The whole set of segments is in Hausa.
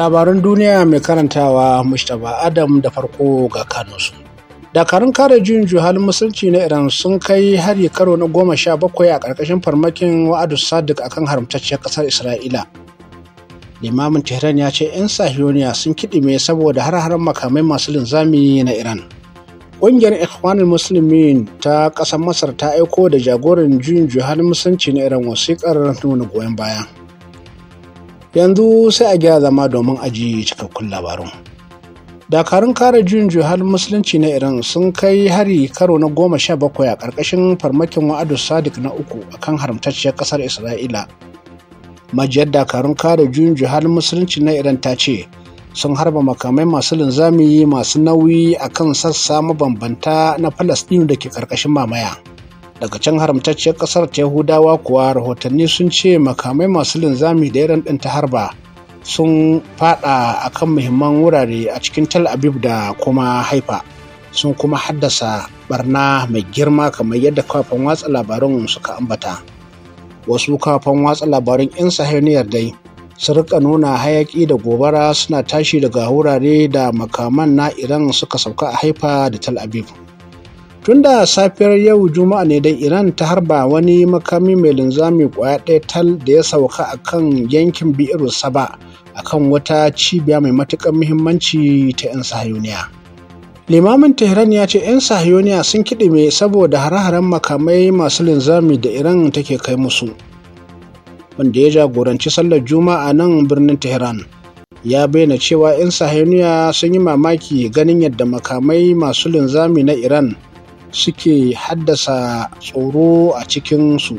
labaran duniya mai karantawa mustapha adam da farko ga Kano su. dakarun kare juyin halin musulci na iran sun kai hari karo na goma sha bakwai a ƙarƙashin farmakin wa'adu sadiq a kan haramtacciyar ƙasar isra'ila limamin tehran ya ce 'yan sahiyoniya sun kiɗime saboda har-har makamai masu linzami na iran Ƙungiyar Ikhwanul Musulmin ta ƙasar Masar ta aiko da jagoran juyin halin musulci na Iran wasiƙar nuna goyon baya. yanzu sai a gyara zama domin aji cikakkun labarun. dakarun kare juyin juhar musulunci na iran sun kai hari karo na goma sha bakwai a ƙarƙashin farmakin wa'adu sadiq na uku a kan haramtacciyar ƙasar isra'ila majiyar dakarun kare juyin juhar musulunci na iran ta ce sun harba makamai masu linzami masu nauyi a kan sassa mabambanta na falasɗinu da ke ƙarƙashin mamaya daga can haramtacciyar kasar ta yahudawa kuwa rahotanni sun ce makamai masu linzami da yaran ɗin ta harba sun fada kan muhimman wurare a cikin tel aviv da kuma haifa sun kuma haddasa barna mai girma kamar yadda kafin watsa labarun suka ambata wasu kafin watsa labarun 'yan sahaniyar dai su rika nuna hayaki da gobara suna tashi daga wurare da makaman na iran suka sauka a haifa da tel aviv tun da safiyar yau juma'a ne dai iran ta harba wani makami mai linzami kwaya ɗaya tal da ya sauka a kan yankin biiru saba a kan wata cibiya mai matuƙar muhimmanci ta 'yan sahayuniya limamin tehran ya ce 'yan sahayoniya sun kiɗime saboda hare-haren makamai masu linzami da iran take kai musu wanda ya jagoranci sallar juma'a nan birnin tehran ya bayyana cewa 'yan sahayuniya sun yi mamaki ganin yadda makamai masu linzami na iran suke haddasa tsoro a cikinsu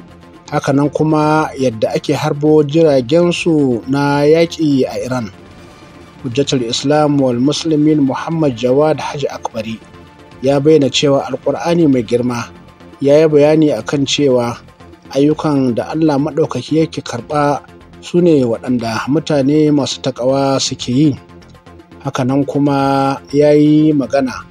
hakanan kuma yadda ake harbo jiragensu na yaƙi a iran hujjatul islam wal muslimin muhammad jawad haji akbari ya bayyana cewa Alƙur'ani mai girma ya yi bayani kan cewa ayyukan da allah maɗaukaki yake karɓa su ne waɗanda mutane masu taƙawa suke yi hakanan kuma ya yi magana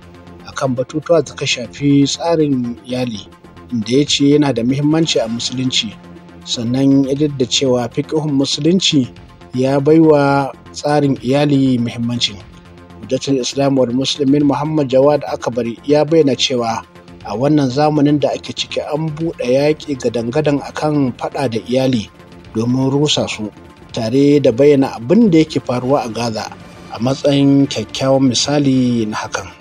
kan batutuwa da suka shafi tsarin iyali da ya ce yana da muhimmanci a musulunci sannan ya da cewa fiƙihun musulunci ya baiwa tsarin iyali muhimmancin hujjatul islam wal muslimin muhammad jawad bari ya bayyana cewa a wannan zamanin da ake ciki an buɗe yaƙi gadangadan akan faɗa da iyali domin rusa su tare da bayyana abin da yake faruwa a gaza a matsayin kyakkyawan misali na hakan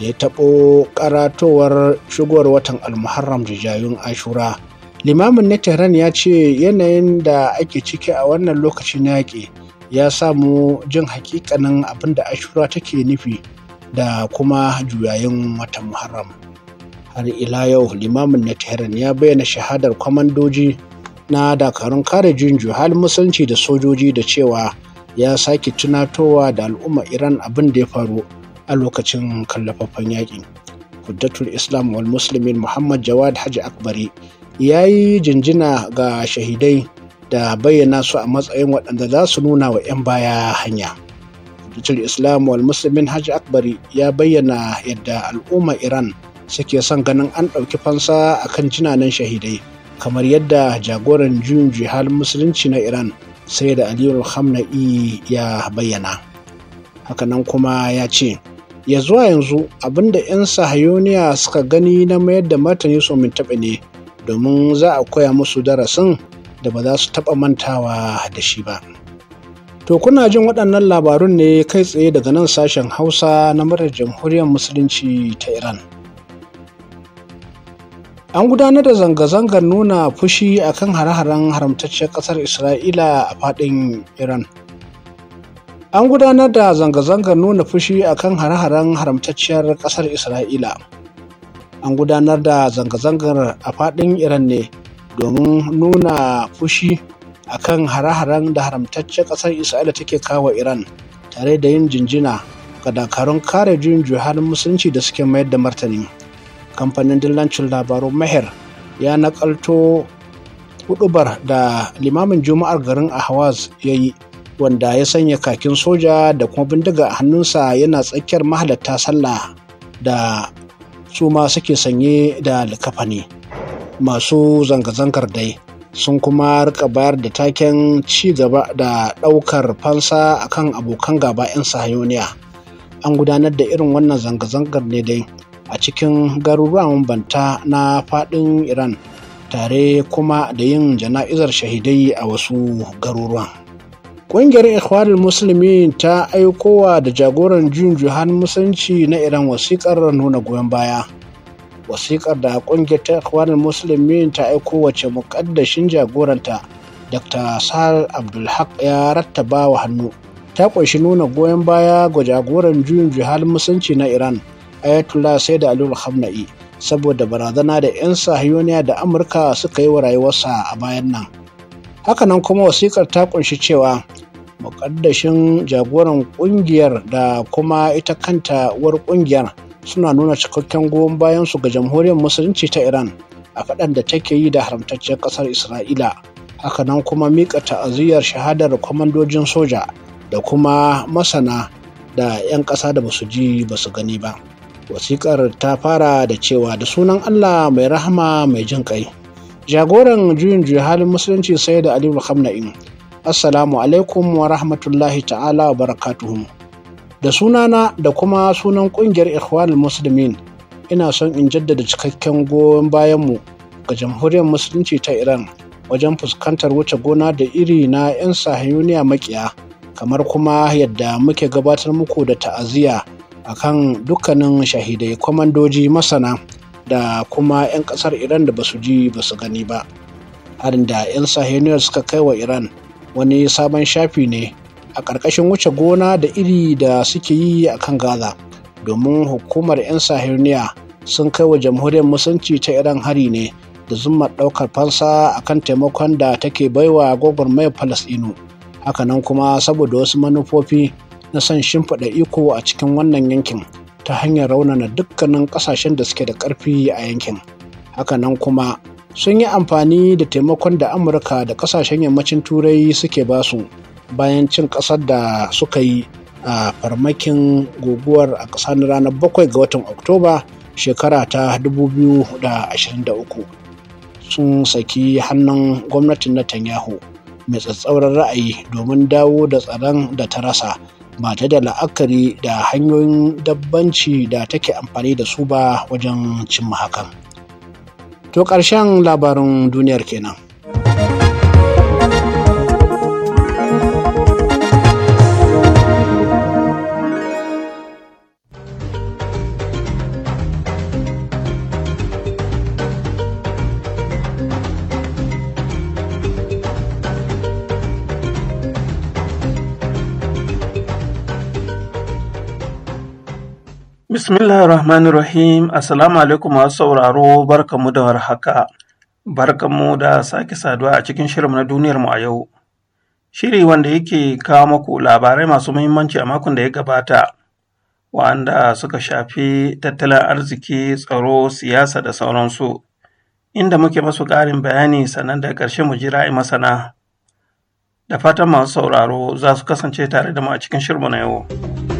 da ya taɓo karatowar shigowar watan almuharram da jayun ashura limamin na tehran ya ce yanayin da ake ciki a wannan lokacin na yaƙi ya samu jin hakikanin abin da ashura take nufi da kuma juyayin watan muharram har ila yau limamin na tehran ya bayyana shahadar kwamandoji na dakarun kare jinju halin musulunci da sojoji da cewa ya sake tunatowa da al'umma iran abin da ya faru a lokacin kallafaffen yaƙi Kuddatul islam wal muslimin muhammad jawad haji akbari ya yi jinjina ga shahidai da bayyana su a matsayin waɗanda za su nuna wa 'yan baya hanya Kuddatul islam wal muslimin haji akbari ya bayyana yadda al'ummar iran suke son ganin an ɗauki fansa a kan jinanan shahidai kamar yadda jagoran juyin jihar musulunci na iran sai da aliyu hamna'i ya bayyana hakanan kuma ya ce ya zuwa yanzu abinda 'yan sahayoniya suka gani na mayar da martani su min taɓa ne domin za a koya musu darasin da ba za su taɓa mantawa da shi ba to kuna jin waɗannan labarun ne kai tsaye daga nan sashen hausa na murar jamhuriyar musulunci ta iran an gudanar da zanga-zangar nuna fushi akan hare-haren haramtacciyar ƙasar isra'ila a faɗin iran an gudanar da zanga-zangar nuna fushi a kan hare-haren haramtacciyar ƙasar isra'ila an gudanar da zanga-zangar a faɗin iran ne domin nuna fushi a kan hare-haren da haramtacciyar ƙasar isra'ila take kawo iran tare da yin jinjina ga dakarun kare juyin halin musulunci da suke mayar da martani kamfanin dillancin labarun maher ya nakalto hudubar da limamin juma'ar garin ahawaz ya yi wanda ya sanya kakin soja da kuma bindiga a hannunsa yana tsakiyar mahalatta sallah da su ma suke sanye da likafani masu zanga-zangar dai sun kuma rika bayar da taken ci gaba da ɗaukar fansa akan abokan gaba 'yan sahayoniya an gudanar da irin wannan zanga-zangar ne dai a cikin garuruwan banta na faɗin iran tare kuma da yin jana'izar shahidai a wasu garuruwan Ƙungiyar Ikhwanul Musulmi ta aikowa da jagoran juyin juhan musanci na Iran wasikar nuna goyon baya. Wasikar da ƙungiyar ta Ikhwanul Musulmi ta aiko wace muƙaddashin jagoranta Dr. Sa'ar Abdulhaq ya rattaba wa hannu. Ta ƙunshi nuna goyon baya ga jagoran juyin juhan musanci na Iran Ayatollah Said Ali Khamenei saboda barazana da 'yan sahiyoniya da Amurka suka yi wa rayuwarsa a bayan nan. hakanan kuma wasikar ta kunshi cewa mukaddashin jagoran kungiyar da kuma ita kanta uwar kungiyar suna nuna cikakken goyon bayan su ga jamhuriyar musulunci ta iran a faɗan da take yi da haramtacciyar ƙasar isra'ila hakanan kuma mika ta'aziyyar shahadar kwamandojin soja da kuma masana da 'yan ƙasa da basu ji basu gani ba wasikar ta fara da cewa da sunan allah mai rahama mai jin ƙai jagoran juyin juya halin musulunci sai da aliyu khamna'in assalamu alaikum wa rahmatullahi ta'ala wa barakatuhu da sunana da kuma sunan kungiyar ikhwanul muslimin ina son in jaddada cikakken goyon bayanmu ga jamhuriyar musulunci ta iran wajen fuskantar wuce gona da iri na 'yan sahiyuniya makiya kamar kuma yadda muke gabatar muku da ta'aziyya akan dukkanin shahidai kwamandoji masana da kuma 'yan kasar iran da basu ji basu gani ba harin da 'yan sahiyar suka kai wa iran wani sabon shafi ne a ƙarƙashin wuce gona da iri da suke yi a kan gaza domin hukumar 'yan sahiyar sun kai wa jamhuriyar musulunci ta iran hari ne da zuma ɗaukar fansa a kan taimakon da take baiwa mai falasɗinu hakanan kuma saboda wasu manufofi na son shimfiɗa iko a cikin wannan yankin ta hanyar raunana dukkanin kasashen da suke da ƙarfi a yankin hakanan kuma sun yi amfani da taimakon da amurka da kasashen yammacin turai suke basu bayan cin ƙasar da suka yi a farmakin guguwar a ƙasa ranar 7 ga watan oktoba shekara ta 2023 sun saki hannun gwamnatin netanyahu mai tsatsauran ra'ayi domin dawo da tsaron da ta rasa ba ta da la'akari da hanyoyin dabbanci da take amfani da su ba wajen cimma hakan. To ƙarshen labarin duniyar kenan. rahim Assalamu alaikum masu sauraro barkamu da warhaka. Barkamu da sake saduwa a cikin shirin na duniyarmu a yau. Shiri wanda yake kawo muku labarai masu muhimmanci a makon da ya gabata, wa'anda suka shafi tattalin arziki, tsaro, siyasa da sauransu, inda muke masu ƙarin bayani sannan da ƙarshe mu jira masana. Da fatan masu sauraro za su kasance tare da mu a cikin shirin na yau.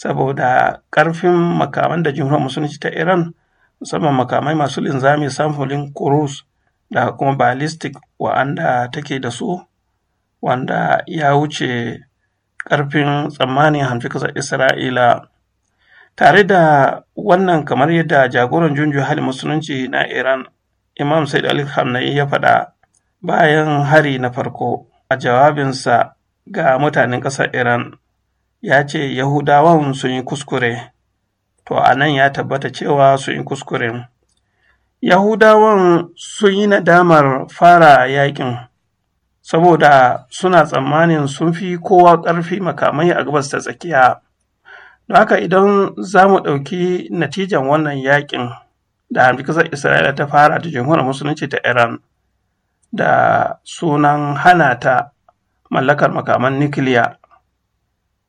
saboda karfin makaman da jimhuriyar musulunci ta iran musamman makamai masu linzami samfulin kurus da kuma ballistic wa'anda take da su wanda ya wuce karfin tsammanin hamfi ƙasar isra'ila tare da wannan kamar yadda jagoran junju hali musulunci na iran imam said ali hamnai ya faɗa bayan hari na farko a jawabinsa ga mutanen ƙasar iran ya ce Yahudawan sun yi kuskure, to a nan ya tabbata cewa sun yi kuskure. Yahudawan sun yi nadamar fara yakin, saboda suna tsammanin sun fi kowa ƙarfi makamai a gabas ta tsakiya. Don haka idan za mu ɗauki natijan wannan yakin da hamdukasar Isra'ila ta fara da jamhuriyar musulunci ta Iran da sunan hana ta mallakar makaman nukiliya.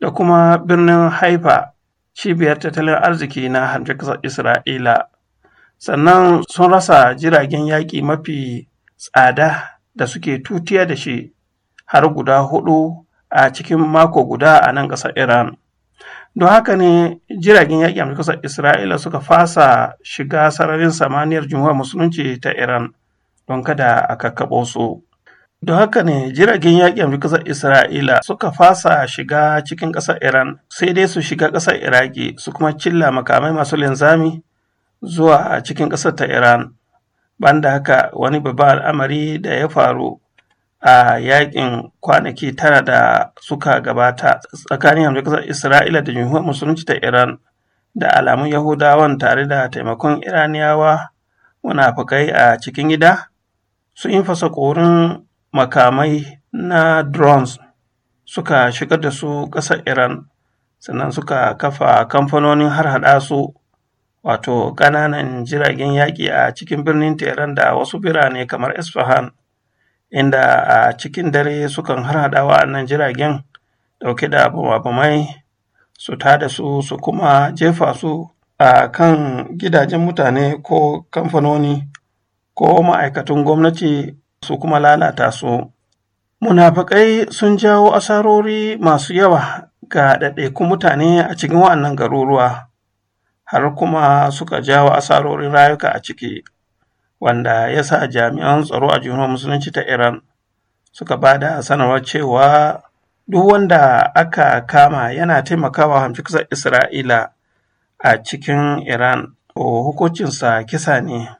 da kuma birnin Haifa cibiyar tattalin arziki na hamshe Isra'ila. Sannan sun rasa jiragen yaƙi mafi tsada da suke tutiya da shi har guda hudu a cikin mako guda a nan ƙasar Iran. Don haka ne jiragen yaƙi hamshe ƙasar Isra'ila suka fasa shiga sararin samaniyar jumhuriyar musulunci ta Iran don kada a kakkaɓo su. Don haka ne jiragen yakin ƙasar Isra'ila suka fasa shiga cikin ƙasar Iran sai dai su shiga ƙasar Iraki su kuma cilla makamai masu linzami zuwa cikin ƙasar ta Iran. Banda haka wani babban al'amari da ya faru a yaƙin kwanaki tara da suka gabata tsakanin hamdu ƙasar Isra'ila da jami'ar musulunci ta Iran da alamun Yahudawan tare da taimakon Iraniyawa munafukai a cikin gida sun yi fasa ƙorin makamai na drones suka shigar da su ƙasar Iran sannan suka kafa kamfanonin harhaɗa su wato ƙananan jiragen yaƙi a cikin birnin Tehran da wasu birane kamar Isfahan inda a cikin dare sukan harhaɗa wa'annan jiragen ɗauke da bamai su tada su su kuma jefa su a kan gidajen mutane ko kamfanoni ko ma'aikatan gwamnati su kuma lalata su. Munafakai sun jawo asarori masu yawa ga ɗaiɗaikun mutane a cikin wa'annan garuruwa, har kuma suka jawo asarorin rayuka a ciki, wanda ya sa jami'an tsaro a juna musulunci ta Iran suka ba da sanarwar cewa duk wanda aka kama yana taimakawa hamfikisar Isra'ila a cikin Iran, hukuncinsa kisa ne.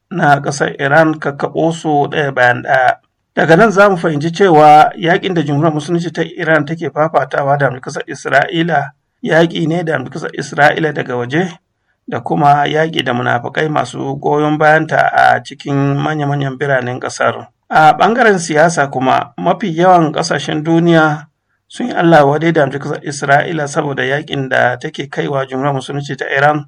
na ƙasar Iran kakkaɓo su ɗaya bayan ɗaya. Daga nan za mu fahimci cewa yaƙin da jumhuriyar musulunci ta Iran take fafatawa da ƙasar Isra'ila yaƙi ne da ƙasar Isra'ila daga waje da kuma yaƙi da munafukai masu goyon bayanta a cikin manya-manyan biranen ƙasar. A ɓangaren siyasa kuma mafi yawan ƙasashen duniya sun yi Allah wadai da ƙasar Isra'ila saboda yaƙin da take kaiwa jumhuriyar musulunci ta Iran.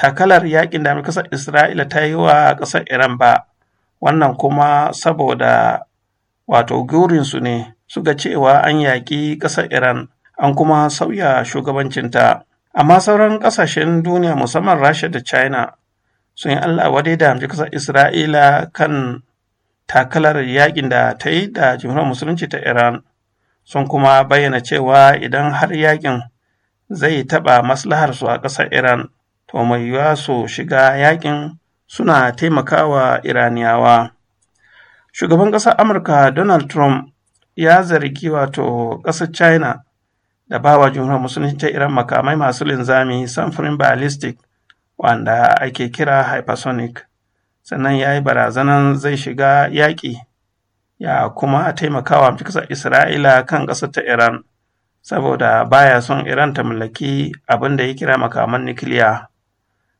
takalar yakin da kasar isra'ila ta yi wa kasar iran ba wannan kuma saboda wato gurinsu ne suka cewa an yaƙi ƙasar iran an kuma sauya shugabancinta amma sauran ƙasashen duniya musamman rasha da china sun yi allah wadai da hamji kasar isra'ila kan takalar yakin da ta yi da jimhuriyar musulunci ta iran sun kuma bayyana cewa idan har yakin zai taɓa maslaharsu a ƙasar iran to mai yiwuwa su shiga yakin suna taimakawa iraniyawa shugaban ƙasar amurka donald trump ya zargi wato ƙasar china da bawa jumhuriyar musulunci ta iran makamai masu linzami samfurin ballistic wanda ake kira hypersonic sannan ya yi barazanan zai shiga yaƙi ya kuma taimakawa ƙasar isra'ila kan ƙasar ta iran saboda baya son iran ta mallaki abin da ya kira makaman nukiliya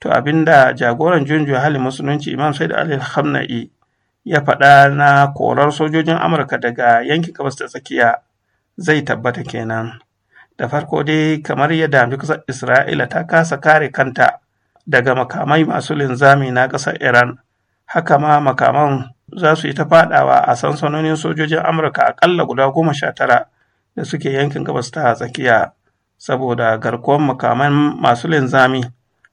To abinda jagoran juyin hali musulunci Imam Said Ali Hamna'i ya faɗa na korar sojojin Amurka daga yankin gabas da tsakiya zai tabbata kenan. Da farko dai kamar yadda kasa, Isra'ila ta kasa kare kanta daga makamai masu linzami na ƙasar Iran, haka ma makaman za su yi ta faɗawa a sansanonin sojojin Amurka aƙalla guda goma sha tara da suke yankin gabas ta tsakiya saboda garkuwar makaman masu linzami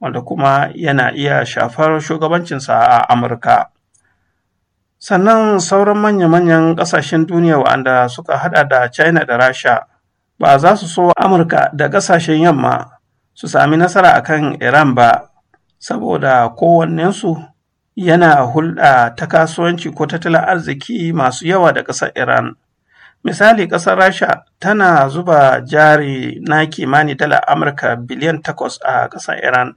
wanda kuma yana iya shafar shugabancinsa a Amurka. Sannan sauran manya-manyan ƙasashen duniya wa'anda suka haɗa da China da Rasha ba za su so Amurka da ƙasashen yamma su sami nasara a kan Iran ba, saboda kowannensu yana hulɗa ta kasuwanci ko tattalin arziki masu yawa da ƙasar Iran. Misali ƙasar Rasha tana zuba jari na kimani dala Amurka biliyan takwas a ƙasar Iran.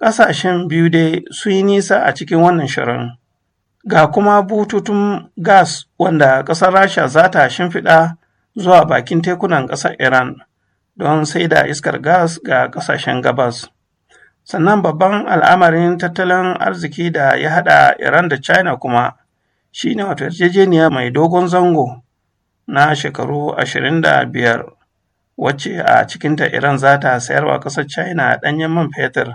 ƙasashen biyu dai sun yi nisa a cikin wannan shirin. Ga kuma bututun gas wanda ƙasar Rasha za ta shimfiɗa zuwa bakin tekunan ƙasar Iran don sai da iskar gas ga ƙasashen gabas. Sannan babban al'amarin tattalin arziki da ya haɗa Iran da China kuma shi ne wato yarjejeniya mai dogon zango na shekaru 25 wacce a cikinta Iran za ta sayarwa ƙasar China ɗanyen man fetur.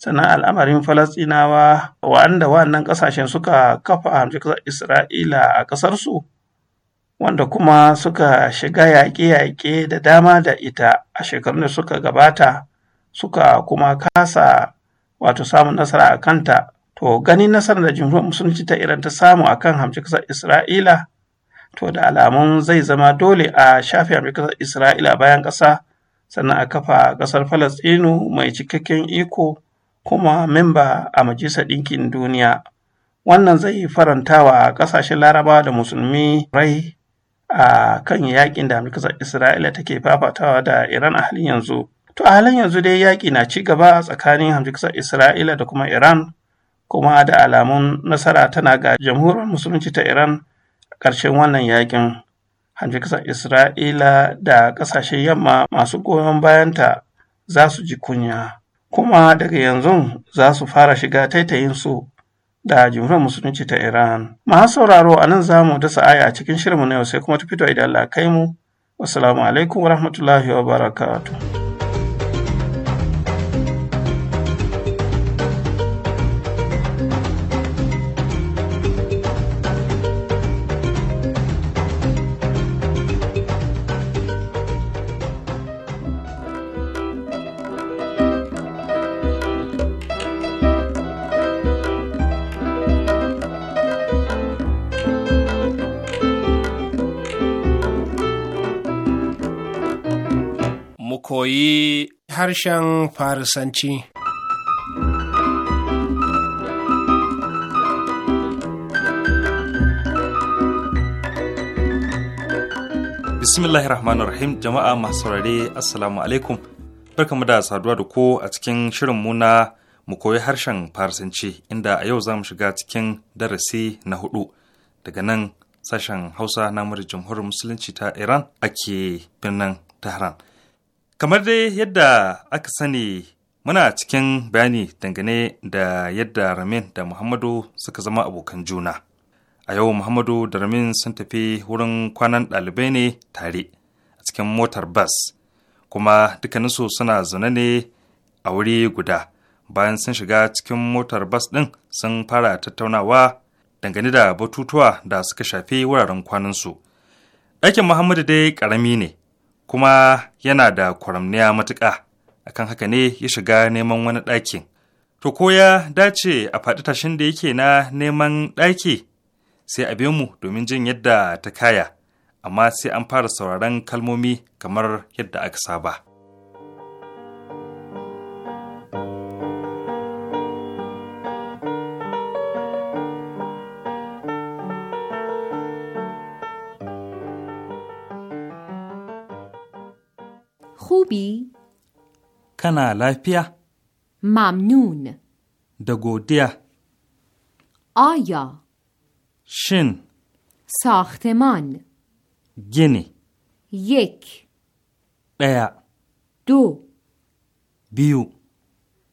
sannan al'amarin falastinawa wa'anda wa'annan ƙasashen suka kafa hamshin isra'ila a ƙasarsu wanda kuma suka shiga yaƙe-yaƙe da dama da ita a shekarun da suka gabata suka kuma kasa wato samun nasara a kanta to ganin nasarar da jumhuriyar musulunci ta iran ta samu a kan ƙasar isra'ila to da alamun zai zama dole a shafe hamshin ƙasar isra'ila bayan ƙasa sannan a kafa ƙasar falastinu mai cikakken iko kuma memba a Majalisar Ɗinkin Duniya. Wannan zai faranta wa ƙasashen Laraba da Musulmi rai a kan yaƙin da Amurkar Isra'ila take fafatawa da Iran a halin yanzu. To a halin yanzu dai yaƙi na ci gaba a tsakanin Amurkar Isra'ila da kuma Iran kuma da alamun nasara tana ga jamhuriyar musulunci ta Iran ƙarshen wannan yaƙin. Amurkar Isra'ila da ƙasashen yamma masu goyon bayanta za su ji kunya. kuma daga yanzu za su fara shiga su da jumhuriyar musulunci ta Iran. Masu sauraro a nan za zamu dasa aya a cikin shirinmu na yau sai kuma ta fito idan Allah kai mu. Wassalamu alaikum wa wabarakatuh. koyi harshen Farisanci. Bismillahirrahmanirrahim jama'a masu saurare Assalamu alaikum. Barkamu da saduwa da ko a cikin shirin muna mu koyi harshen Farisanci inda a yau za mu shiga cikin darasi na hudu daga nan sashen Hausa na murjin Jamhuriyar Musulunci ta Iran ake birnin Tehran. Kamar dai yadda aka sani muna cikin bayani dangane da yadda Ramin da Muhammadu suka zama abokan juna. A yau Muhammadu da Ramin sun tafi wurin kwanan ɗalibai ne tare a cikin motar bas, kuma dukkaninsu suna zaune ne a wuri guda. Bayan sun shiga cikin motar bas ɗin sun fara tattaunawa dangane da batutuwa da suka shafi wuraren kwanansu. Ɗakin Muhammadu dai ƙarami ne, kuma yana da kwaramniya matuƙa akan haka ne ya shiga neman wani ɗakin to ko ya dace a faɗi tashin da yake na neman ɗaki sai a mu domin jin yadda ta kaya amma sai an fara sauraron kalmomi kamar yadda aka saba. خوبی؟ کنا ممنون دگودیا آیا شن ساختمان گینی یک بیا دو بیو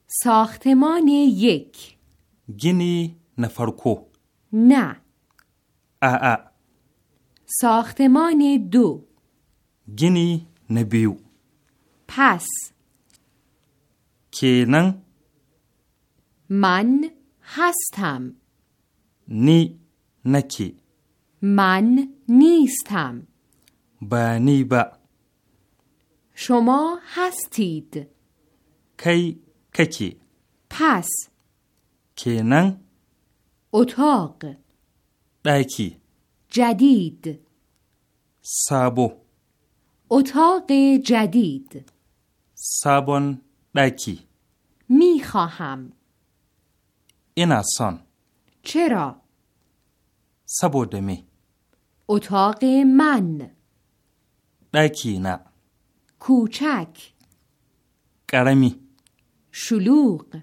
ساختمان یک گینی نفرکو نه آآ ساختمان دو گینی نبیو پس کینن من هستم نی نکی من نیستم بانی با شما هستید کی ککی پس کینن اتاق دکی جدید سابو اتاق جدید سابون دکی می خواهم این آسان چرا؟ سبودمی اتاق من دکی نه کوچک گرمی شلوغ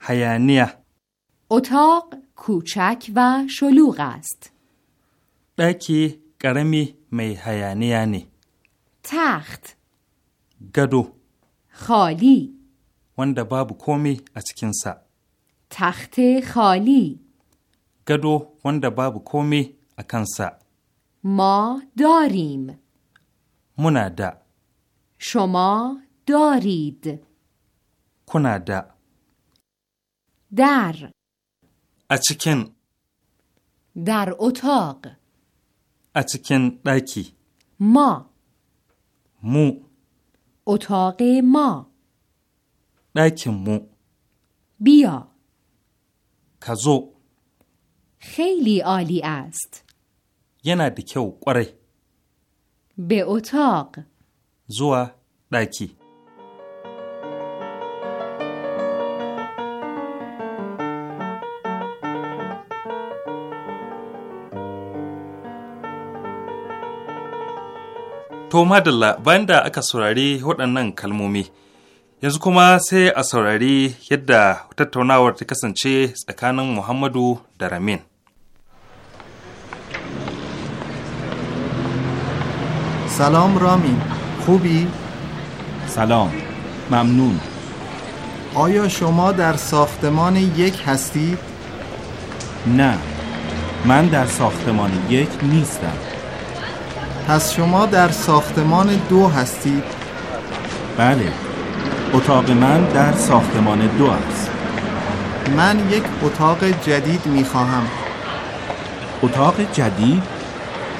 حیانیه اتاق کوچک و شلوغ است دکی قرمی می حیانیه تخت گدو خالی وند باب کومی اتکنسا تخت خالی گدو وند باب کومی اکنسا ما داریم منادا شما دارید کنادا در اتکن در اتاق اتکن دایکی ما مو اتاق ما داکن مو بیا کزو خیلی عالی است ینا و قره به اتاق زوا داکی To madalla bayan da aka saurari waɗannan kalmomi, yanzu kuma sai a saurari yadda tattaunawar ta kasance tsakanin Muhammadu da Ramin. سلام رامین خوبی؟ سلام mamnun آیا شما در ساختمان یک هستید؟ نه من در ساختمان یک نیستم پس شما در ساختمان دو هستید؟ بله اتاق من در ساختمان دو است من یک اتاق جدید می خواهم اتاق جدید؟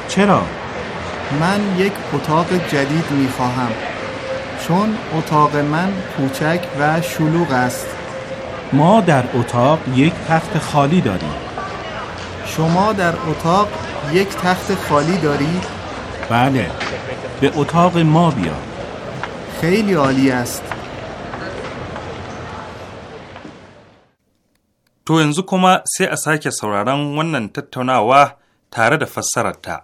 چرا؟ من یک اتاق جدید می خواهم چون اتاق من کوچک و شلوغ است ما در اتاق یک تخت خالی داریم شما در اتاق یک تخت خالی دارید؟ بله به اتاق ما بیا خیلی عالی است To yanzu kuma sai a sake sauraron wannan tattaunawa tare da fassararta.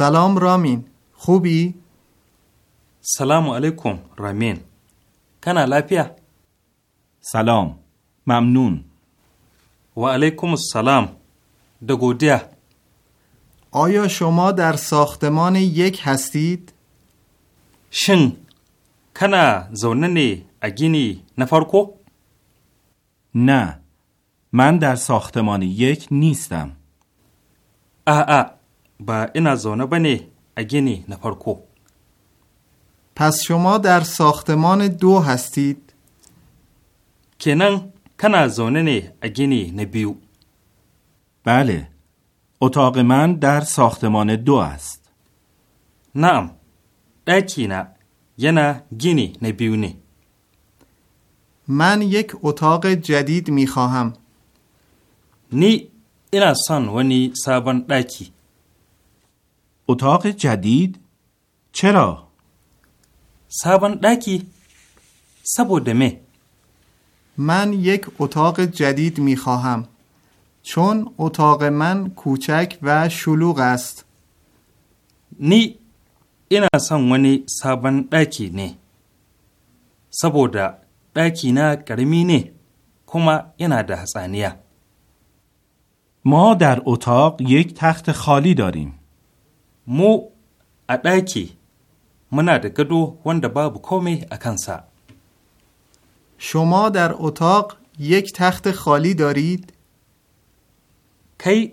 سلام رامین خوبی؟ سلام علیکم رامین کنه لپیا سلام ممنون و علیکم السلام دگودیا آیا شما در ساختمان یک هستید؟ شن کنا زوننی اگینی نفرکو؟ نه من در ساختمان یک نیستم. ا با این زونه بنه اگینی نفرکو پس شما در ساختمان دو هستید؟ کنن کنا زونه نه اگینی نبیو بله اتاق من در ساختمان دو است نعم دکی نه یه گینی نبیونی من یک اتاق جدید می نی اینا و ونی سابن دکی اتاق جدید؟ چرا؟ سابان داکی می؟ من یک اتاق جدید می خواهم چون اتاق من کوچک و شلوغ است نی اینا سان ونی سابان داکی نه سبوده داکی نه کرمی نی کما اینا ده ما در اتاق یک تخت خالی داریم مو اداکی منا ده گدو وند باب کومی اکنسا شما در اتاق یک تخت خالی دارید؟ کی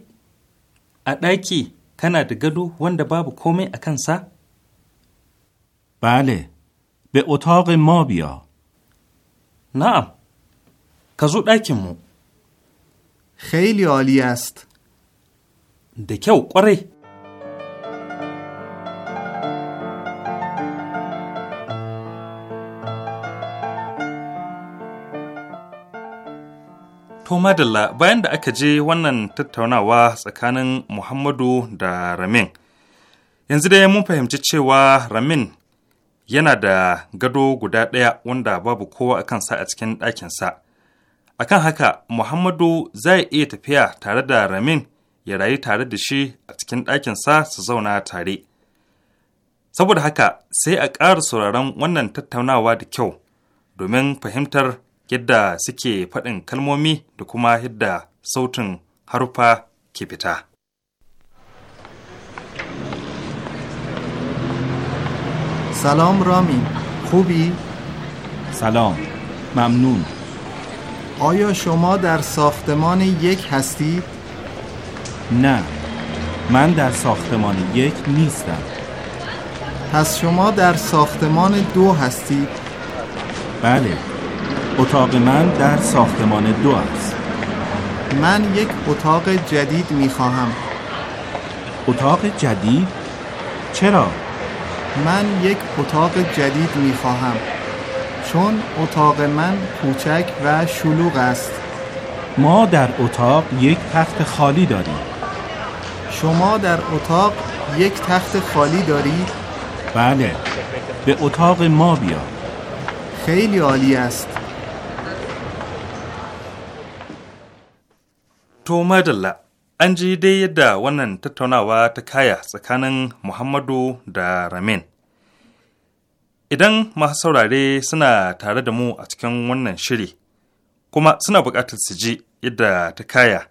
اداکی کنا ده گدو وند باب کومی اکنسا؟ بله به اتاق ما بیا نعم ka zo ɗakinmu. خیلی Ali است. Da kyau To Madalla bayan da aka je wannan tattaunawa tsakanin Muhammadu da Ramin, yanzu dai mun fahimci cewa Ramin yana da gado guda ɗaya wanda babu kowa a kansa a cikin ɗakinsa. a kan haka Muhammadu zai iya tafiya tare da Ramin ya rayu tare da shi a cikin ɗakinsa su zauna tare. Saboda haka sai a ƙara sauraron wannan tattaunawa da kyau domin fahimtar یده سکه کلمومی د کما یده سوتن حروفا که سلام رامین خوبی؟ سلام ممنون آیا شما در ساختمان یک هستید؟ نه من در ساختمان یک نیستم پس شما در ساختمان دو هستید؟ بله اتاق من در ساختمان دو است من یک اتاق جدید می خواهم اتاق جدید؟ چرا؟ من یک اتاق جدید می خواهم چون اتاق من کوچک و شلوغ است ما در اتاق یک تخت خالی داریم شما در اتاق یک تخت خالی دارید؟ بله به اتاق ما بیا خیلی عالی است To madalla, an ji dai yadda wannan tattaunawa ta kaya tsakanin Muhammadu da Ramin. Idan masu saurare suna tare da mu a cikin wannan shiri, kuma suna buƙatar su ji yadda ta kaya,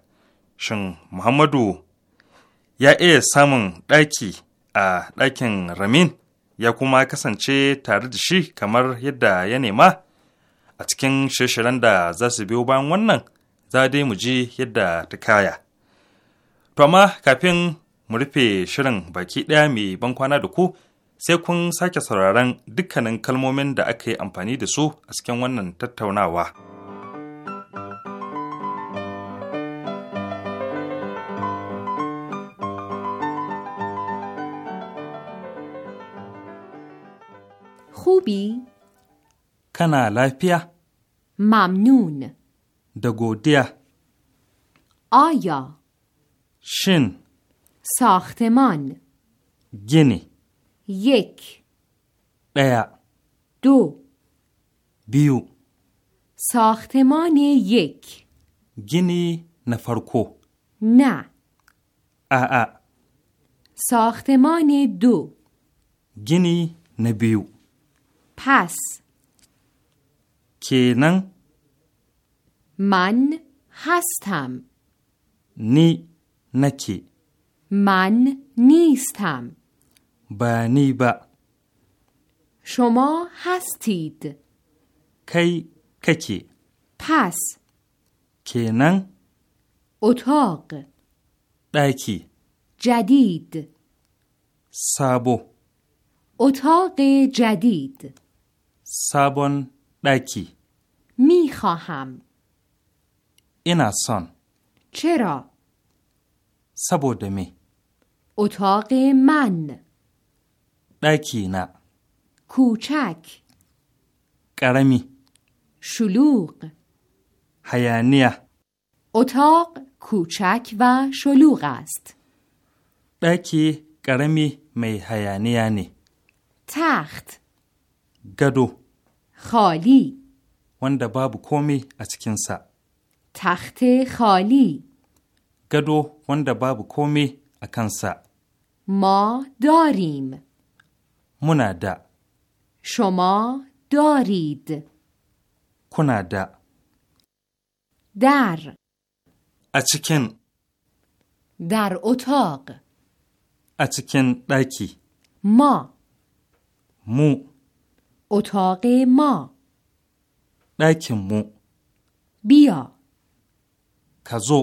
shin Muhammadu ya iya samun ɗaki a ɗakin Ramin ya kuma kasance tare da shi kamar yadda ya nema a cikin shirye-shiryen da za su biyo bayan wannan? za dai mu ji yadda ta kaya. To amma kafin mu rufe shirin baki ɗaya mai ban kwana da ku sai kun sake sauraron dukkanin kalmomin da aka yi amfani da su a cikin wannan tattaunawa. خوبی؟ kana lafiya? Mamnun. da آیا شن ساختمان گینی یک دیا دو بیو ساختمان یک گینی نفرکو نه آ ساختمان دو گینی نبیو پس کینن من هستم نی نکی من نیستم نی با شما هستید کی ککی پس کنن اتاق داکی جدید سابو اتاق جدید سابون داکی میخواهم این سان چرا؟ سبودمی اتاق من دکی نه کوچک قرمی شلوغ حیانیه اتاق کوچک و شلوغ است دکی قرمی می حیانیه نی تخت گدو خالی وند باب کومی از تخت خالی گدو وند باب کومی اکنسا ما داریم منادا شما دارید کنادا در اچکن در اتاق اچکن داکی ما مو اتاق ما دایکی مو بیا kazo.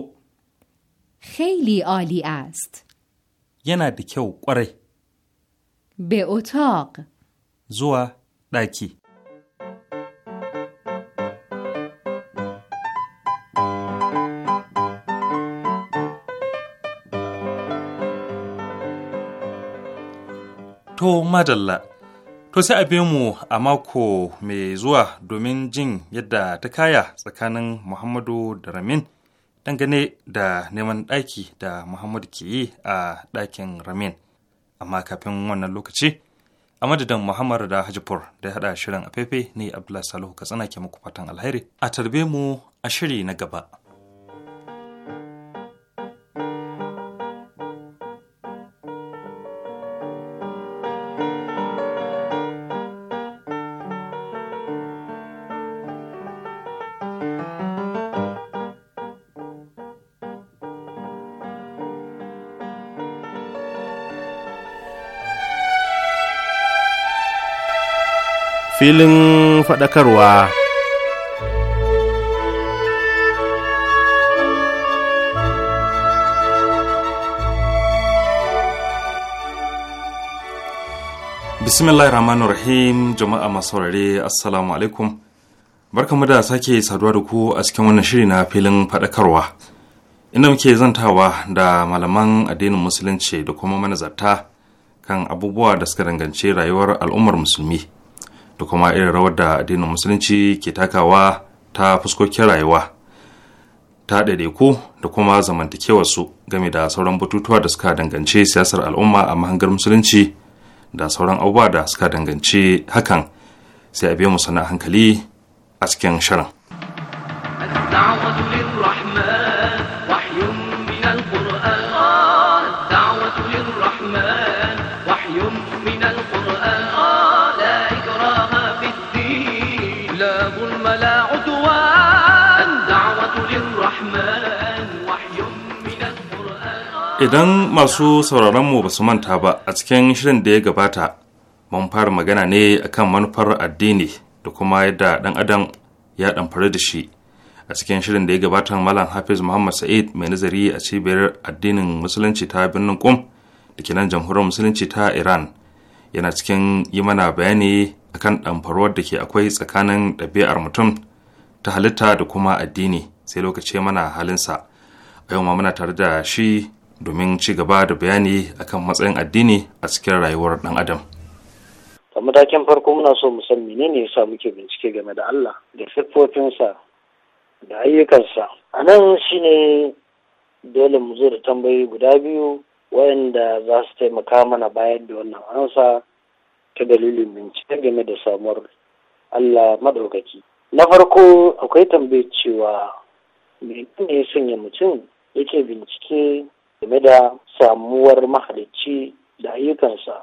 خیلی عالی است yana da kyau kwarai. be otaq zuwa daki to madalla to sai a mu a mako mai zuwa domin jin yadda ta kaya tsakanin muhammadu da ramin dangane da neman ɗaki da Muhammadu ke yi a ɗakin Ramin. Amma kafin wannan lokaci, a madadin Muhammadu da Hajifur da ya haɗa shirin a ne Abdullahi Salihu Katsina ke muku fatan alheri. A tarbe mu a shiri na gaba. filin faɗakarwa. Bismillahirrahmanirrahim jama'a masu saurare assalamu alaikum barkamu da sake saduwa da ku a cikin wannan shiri na filin faɗakarwa inda muke zantawa da malaman addinin musulunci da kuma manazarta kan abubuwa da suka danganci rayuwar al'ummar musulmi. da kuma irin rawar da addinin musulunci ke takawa ta fuskokin rayuwa ta ɗaiɗaiku da kuma zamantakewarsu game da sauran batutuwa da suka danganci siyasar al'umma a mahangar musulunci da sauran abubuwa da suka danganci hakan sai a biya mu sana hankali a cikin shirin. idan masu sauraronmu ba su manta ba a cikin shirin da ya gabata mun fara magana ne akan manufar addini da kuma yadda ɗan adam ya ɗamfari da shi a cikin shirin da ya gabata malam hafiz muhammad sa'id mai nazari a cibiyar addinin musulunci ta birnin kum da ke nan jamhuriyar musulunci ta iran yana cikin yi mana bayani akan ɗamfarwar da ke akwai tsakanin ɗabi'ar mutum ta halitta da kuma addini sai lokaci mana halinsa a yau ma muna tare da shi domin ci gaba da bayani akan matsayin addini a cikin rayuwar ɗan adam. a matakin farko muna so mu san menene ya sa muke bincike game da Allah da siffofinsa da ayyukansa a nan shi ne dole mu zo da tambayi guda biyu wayanda za su taimaka mana bayan da wannan ansa ta dalilin bincike game da samuwar Allah maɗaukaki. Na farko akwai tambayar cewa menene ya sanya mutum yake bincike game da samuwar mahalicci da ayyukansa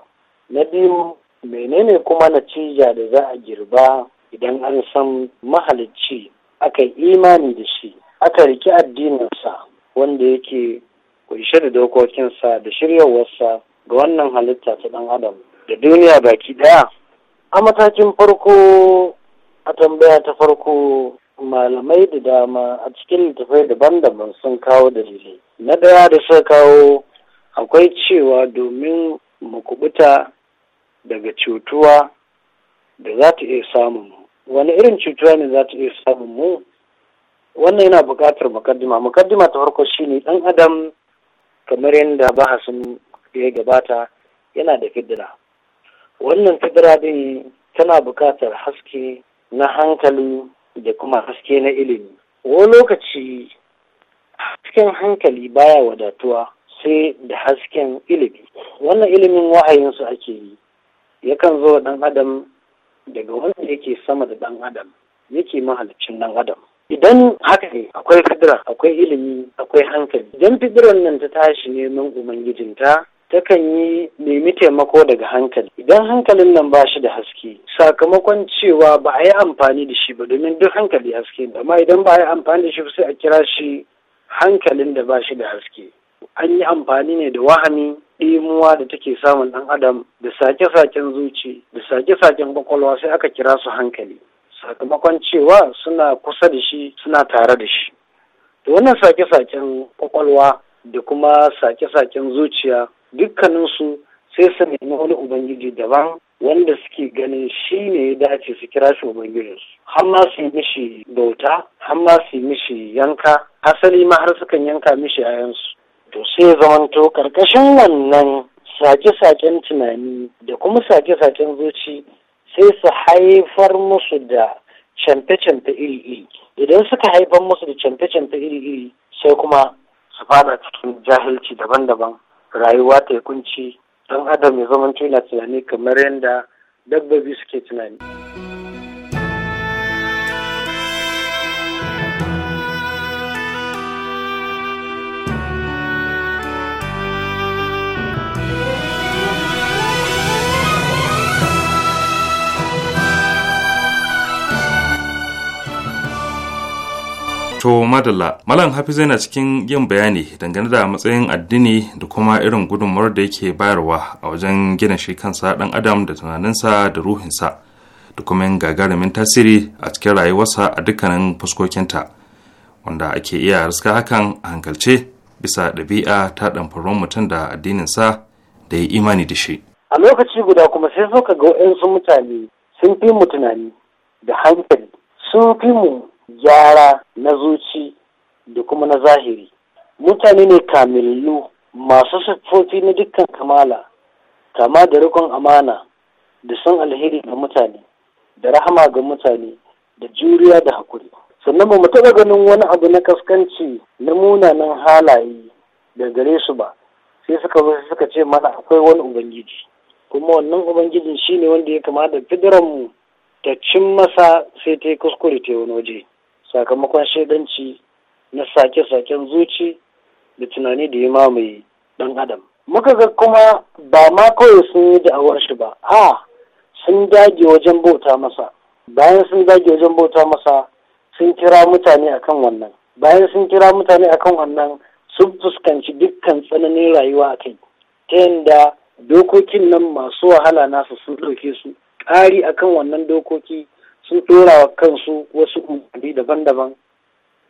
na biyu menene kuma natija da za a girba idan an san mahalicci aka yi imani da shi aka riki addininsa wanda yake kunshe da dokokinsa da shiryawarsa ga wannan halitta ta ɗan adam da duniya baki ɗaya a matakin farko a tambaya ta farko malamai da dama a cikin littattafai daban-daban sun kawo dalilai na ɗaya da suka kawo akwai cewa domin mu kubuta daga cutuwa da za ta iya samun wani irin cutuwa ne za ta iya samun mu wannan yana buƙatar mukaddima mukaddima ta farko shine ɗan adam kamar yadda bahasin ya gabata yana da fidira wannan fidira din tana buƙatar haske na hankali da kuma haske na ilimi wani lokaci hasken hankali baya wadatuwa sai da hasken ilimi wannan ilimin wahayinsu ake yi yakan zo dan adam daga wanda yake sama da ɗan adam yake mahalicin dan adam idan haka ne akwai fidira akwai ilimi akwai hankali idan fidiran nan ta tashi neman ubangijinta takan yi nemi taimako daga hankali idan hankalin nan ba shi da haske sakamakon cewa ba a yi amfani da shi ba domin duk hankali haske amma idan ba a yi amfani da shi sai a kira shi hankalin da ba shi da haske an yi amfani ne da wahani ɗimuwa da take samun ɗan adam da sake-saken zuci da sake-saken kwakwalwa sai aka kira su hankali sakamakon cewa suna kusa da shi suna tare da shi da wannan sake-saken kwakwalwa da kuma sake-saken zuciya dukkaninsu sai su nemi wani ubangiji daban wanda suke ganin shi ne ya dace su kira shi ubangijinsu har ma su yi mishi bauta har ma su yi mishi yanka asali ma har sukan yanka mishi ayansu to sai zamanto karkashin wannan sake-saken tunani da kuma sake-saken zuci sai su haifar musu da canfe-canfe iri-iri idan suka haifar musu da canfe-canfe iri-iri sai kuma su fada cikin jahilci daban-daban rayuwa ta kunci ɗan adam ya zama tunani kamar yadda dabbobi suke tunani. To madalla, Malam Hafiz yana cikin yin bayani dangane da matsayin addini da kuma irin gudunmawar da yake bayarwa a wajen gina shi kansa ɗan adam da tunaninsa da ruhinsa da kuma yin gagarumin tasiri a cikin rayuwarsa a dukkanin fuskokinta wanda ake iya riska hakan a hankalce bisa ɗabi'a ta faruwar mutum da addininsa da ya imani da shi. A lokaci guda kuma sai suka ka ga wayansu mutane sun fi mu tunani da hankali sun fi mu gyara na zuci da kuma na zahiri mutane ne kamillu masu siffofi na dukkan kamala kama da rikon amana da son alheri ga mutane da rahama ga mutane da juriya da hakuri sannan ba mu taɓa ganin wani abu na kaskanci na munanan halaye da gare su ba sai suka zo suka ce mana akwai wani ubangiji kuma wannan ubangijin shi ne wanda ya kama da fidiranmu ta cin masa sai ta yi kuskure ta wani waje sakamakon shaidanci na sake-saken zuci da tunani da ya mamaye ɗan adam muka ga kuma ba ma kawai sun yi da'awar shi ba a sun dage wajen bauta masa bayan sun dage wajen bauta masa sun kira mutane akan wannan bayan sun kira mutane akan wannan sun fuskanci dukkan tsananin rayuwa a kai ta yadda dokokin nan masu wahala nasu sun ɗauke su ƙari akan wannan dokoki sun ɗora wa kansu wasu umarni daban-daban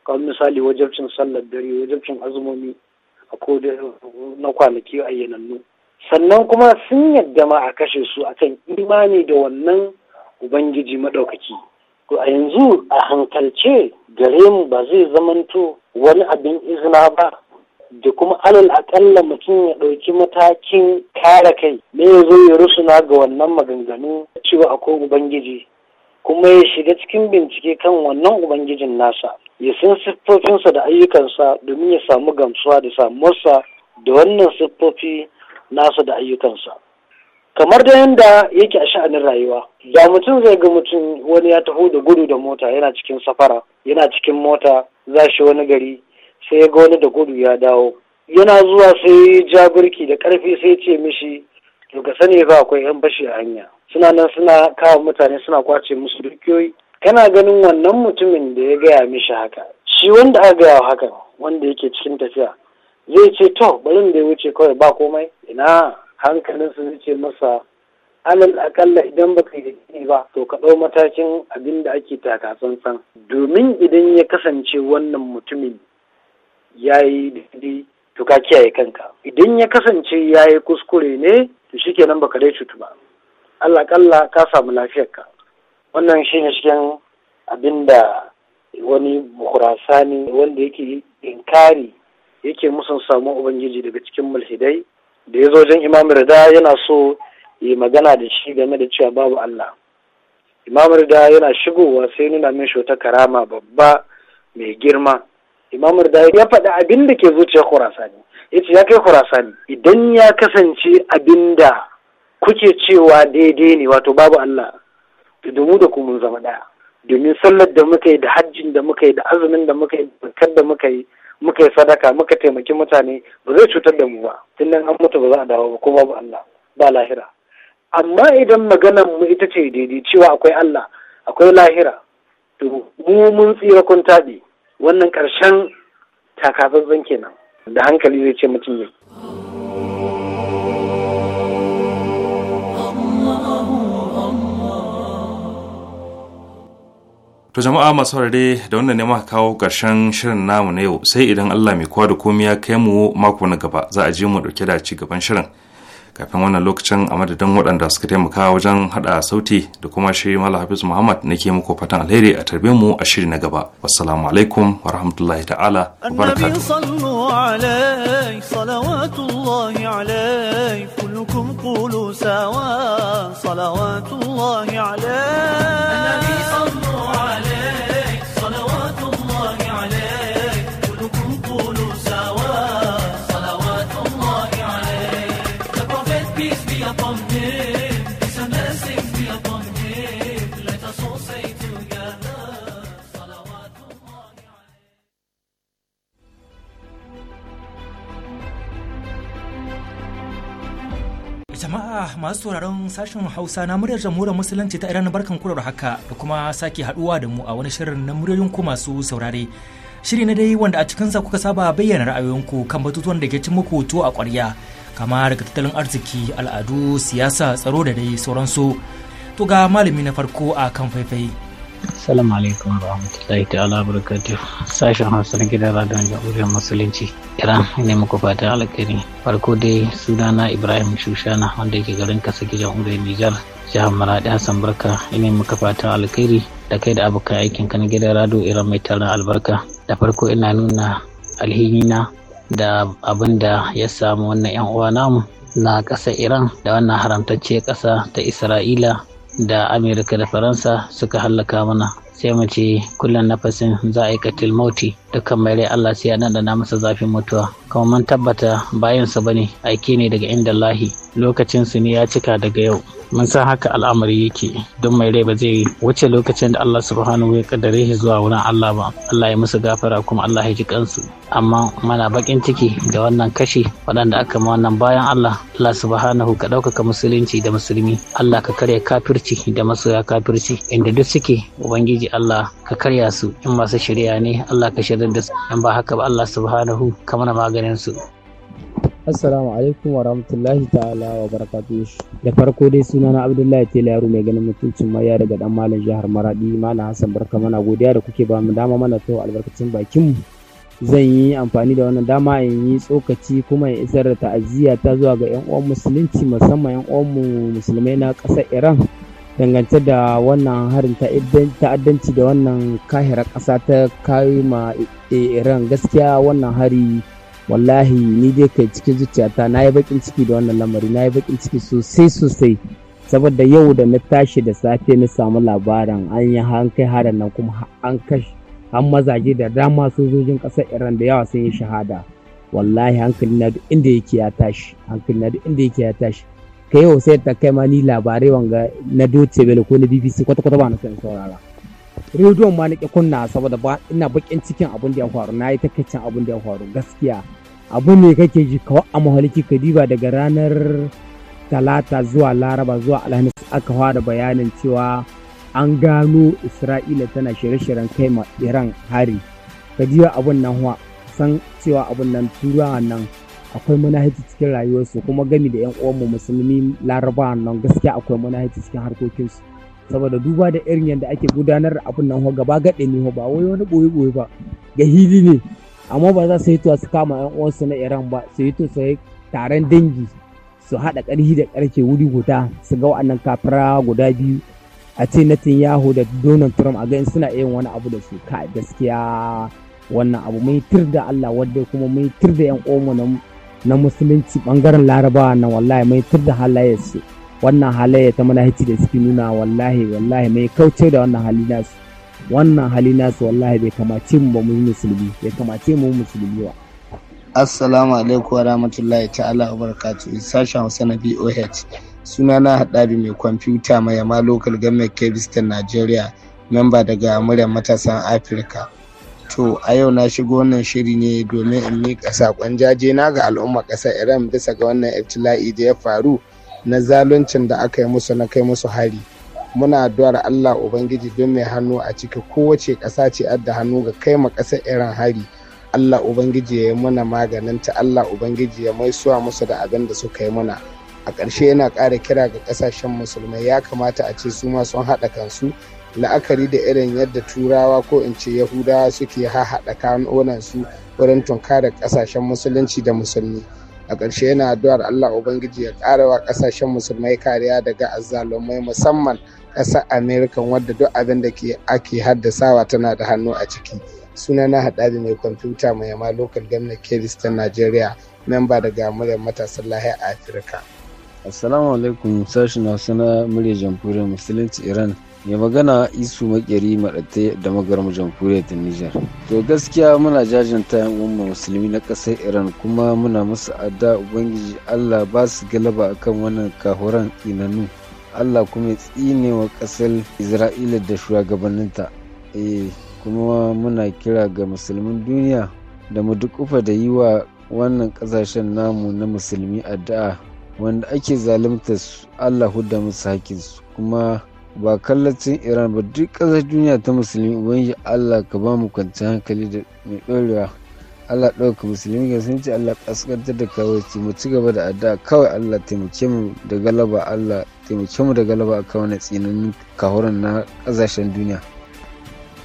kamar misali wajabcin sallar dare wajabcin azumomi a na kwanaki ayyanannu sannan kuma sun yadda ma a kashe su akan imani da wannan ubangiji maɗaukaki to a yanzu a hankalce gare mu ba zai zamanto wani abin izina ba da kuma alal akalla mutum ya ɗauki matakin kare kai me ya zo ya rusuna ga wannan maganganu cewa akwai ubangiji kuma ya shiga cikin bincike kan wannan ubangijin nasa ya san siffofinsa da ayyukansa domin ya samu gamsuwa da samuwarsa da wannan siffofi nasa da ayyukansa kamar da yadda yake a sha'anin rayuwa da mutum zai ga mutum wani ya taho da gudu da mota yana cikin safara yana cikin mota za shi wani gari sai ya ga wani da gudu ya dawo yana zuwa sai ya ja birki da ƙarfi sai ya ce mishi to ka sani fa akwai yan bashi a hanya suna nan suna kawo mutane suna kwace musu dukiyoyi kana ganin wannan mutumin da ya gaya mishi haka shi wanda aka gaya haka wanda yake cikin tafiya zai ce to bari da ya wuce kawai ba komai ina hankalinsa zai ce masa alal akalla idan baka yi ba to ka ɗau matakin abin da ake taka tsantsan domin idan ya kasance wannan mutumin ya yi daidai to ka kiyaye kanka idan ya kasance ya yi kuskure ne to shikenan baka dai cutu ba Allah kalla ka samu lafiyarka wannan shi ne cikin abin wani bukurasani wanda yake inkari yake musu samu ubangiji daga cikin mulhidai da ya zo wajen imam rida yana so yi magana da shi game da cewa babu Allah imam rida yana shigowa sai nuna min shota karama babba mai girma imam rida ya faɗi abin da ke zuciyar kurasani ya ya kai kurasani idan ya kasance abinda. kuke cewa daidai ne wato babu Allah da mu da kuma zama ɗaya domin sallar da muka yi da hajjin da muka yi da azumin da muka yi da da muka yi muka yi sadaka muka taimaki mutane ba zai cutar da mu ba tun an mutu ba za a dawo ba ko babu Allah ba lahira amma idan maganar mu ita ce daidai cewa akwai Allah akwai lahira to mu mun tsira kun taɓi wannan karshen takatsantsan kenan da hankali zai ce mutum ya To jama'a masu saurare da wannan ne muka kawo ƙarshen shirin namu na yau sai idan Allah mai kowa da komi ya kai mu mako na gaba za a je mu dauke da ci gaban shirin. Kafin wannan lokacin a madadin waɗanda suka taimaka wajen haɗa sauti da kuma shi Malam Hafiz Muhammad nake muku fatan alheri a tarbe mu a shiri na gaba. Wassalamu alaikum wa rahmatullahi ta'ala wa barakatuh. Jama'a masu sauraron sashen Hausa na muryar jamhuriyar Musulunci ta Iran barkan da haka da kuma sake haduwa da mu a wani shirin na muryoyin ku masu saurare. Shiri na dai wanda a cikinsa kuka saba bayyana ra'ayoyinku kan batutuwan da ke cin muku tuwo a ƙwarya kama daga tattalin arziki, al'adu, siyasa, tsaro da dai sauransu. To ga malami na farko a kan faifai. Assalamu alaikum wa rahmatullahi ta'ala barakatuh. Sashen Hausa na gidan radon jamhuriyar Musulunci. Iran ne muku fata alkhairi. Farko dai sunana Ibrahim Shushana wanda yake garin kasa gidan jamhuriyar Nijar. Jihar Maraɗi Hassan Barka ne muka fata alkhairi da kai da abokan aikin ka na gidan rado Iran mai tara albarka. Da farko ina nuna alhinina da abin da ya samu wannan 'yan uwa namu na ƙasa Iran da wannan haramtacce ƙasa ta Isra'ila da Amerika da Faransa suka hallaka mana sai mu ce kullum nafasin za a yi katil mauti dukkan mai rai Allah sai ya nadana masa zafin mutuwa kuma mun tabbata bayan su bane aike ne daga inda lahi. lokacin su ne ya cika daga yau mun san haka al'amari yake don mai rai ba zai wuce lokacin da Allah subhanahu ya kaddare shi zuwa wurin Allah ba Allah ya musu gafara kuma Allah ya ji kansu amma mana bakin ciki da wannan kashi waɗanda aka ma wannan bayan Allah Allah subhanahu ka ɗaukaka musulunci da musulmi Allah ka karya kafirci da masoya kafirci inda duk suke ubangiji Allah ka karya su in masu shirya ne Allah ka shirya da su in ba haka ba Allah subhanahu ka maganin su Assalamu alaikum wa rahmatullahi ta'ala wa barakatuhu. Da farko dai suna na Abdullahi Tela yaro mai ganin mutuncin maya daga dan malam jihar Maradi malam Hassan barka mana godiya da kuke ba mu dama mana to albarkacin bakin mu. Zan yi amfani da wannan dama in yi tsokaci kuma in isar da ta'aziyya ta zuwa ga 'yan uwan musulunci musamman 'yan uwan musulmai na ƙasar Iran dangance da wannan harin ta'addanci da wannan kahira ƙasa ta kayi ma iran gaskiya wannan hari wallahi ni dai kai cikin zuciyata na yi bakin ciki da wannan lamari na yi bakin ciki sosai sosai saboda yau da na tashi da safe na samu labarin an yi an kai harin nan kuma an kashi an mazaje da dama sojojin ƙasar iran da yawa sun yi shahada wallahi hankali na hankali na duk inda yake ya tashi ka yau sai ta kai ma ni labarai wanga na doce Welle ko na BBC kwata kwata ba na son saurara rediyon ma nake kunna saboda ba ina bakin cikin abin da ya faru na yi takaicin abin da ya faru gaskiya Abun ne kake ji kawai a mahaliki ka diba daga ranar talata zuwa laraba zuwa alhamis aka fara bayanin cewa an gano isra'ila tana shirye-shiryen kai ma iran hari ka diba abin nan san cewa abin nan turawa nan akwai manahaji cikin rayuwarsu kuma gami da 'yan uwanmu musulmi laraba nan gaskiya akwai manahaji cikin harkokinsu saboda duba da irin yadda ake gudanar da abin nan gaba gaɗe ne ba wai wani boye boye ba ga hili ne amma ba za su yi su kama 'yan uwansu na iran ba su yi su yi taron dangi su haɗa ƙarfi da ƙarfe wuri guda su ga wa'annan kafira guda biyu a ce natin yahu da donald trump a gani suna yin wani abu da su ka gaskiya wannan abu mai tir da allah wadda kuma mai tir da 'yan uwanmu na na musulunci bangaren larabawa na wallahi mai tur da halayensu wannan halayya ta manahici da suke nuna wallahi wallahi mai kauce da wannan hali nasu wannan hali nasu wallahi bai kamace mu ba mu musulmi bai kamace mu musulmi ba assalamu alaikum wa rahmatullahi ta'ala wa barakatuh sashen hausa na boh suna na haɗari mai kwamfuta mai yama local government kebistan nigeria memba daga muryar matasan afirka To a yau na shigo wannan shiri ne domin in miƙa saƙon na ga al'umma ƙasar Iran bisa ga wannan ibtila'i da ya faru na zaluncin da aka yi musu na kai musu hari. Muna addu'ar Allah Ubangiji don mai hannu a ciki kowace ƙasa ce adda hannu ga kai ma ƙasar Iran hari. Allah Ubangiji ya yi mana ta Allah Ubangiji ya mai suwa musu da abin da suka yi mana. A ƙarshe yana ƙara kira ga ƙasashen musulmai ya kamata a ce su ma sun haɗa kansu la'akari da irin yadda turawa ko in ce yahudawa suke hahaɗa kanonan su wurin tunkarar ƙasashen musulunci da musulmi a ƙarshe yana addu'ar allah ubangiji ya ƙarawa kasashen ƙasashen musulmai kariya daga azzalumai musamman ƙasar amerika wadda duk abin da ake haddasawa tana da hannu a ciki suna na haɗari mai kwamfuta mai yama lokal gwamnan ta najeriya memba daga muryar matasan lahiyar afirka assalamu alaikum sashen hausa murya jamhuriyar musulunci iran mai magana isu makeri maɗate da magarmu jamhuriyar ta nijar to gaskiya muna jajanta yan umma musulmi na ƙasar iran kuma muna musu adda ubangiji allah ba su galaba akan wannan kahoran tsinanu allah kuma ya tsine wa ƙasar isra'ila da shugabanninta eh kuma muna kira ga musulmin duniya da mu dukufa da yi wa wannan ƙasashen namu na musulmi addu'a wanda ake zalunta su allah hudda musu hakinsu kuma ba kallacin iran ba duk ƙasar duniya ta musulmi ubangiji allah ka ba mu kwanciyar hankali da mai ɗorewa allah ɗauka musulmi ga sun ce allah ƙasƙantar da kawai mu ci gaba da addu'a kawai allah taimake mu da galaba allah taimake mu da galaba a kawai na tsinanin kahuran na ƙasashen duniya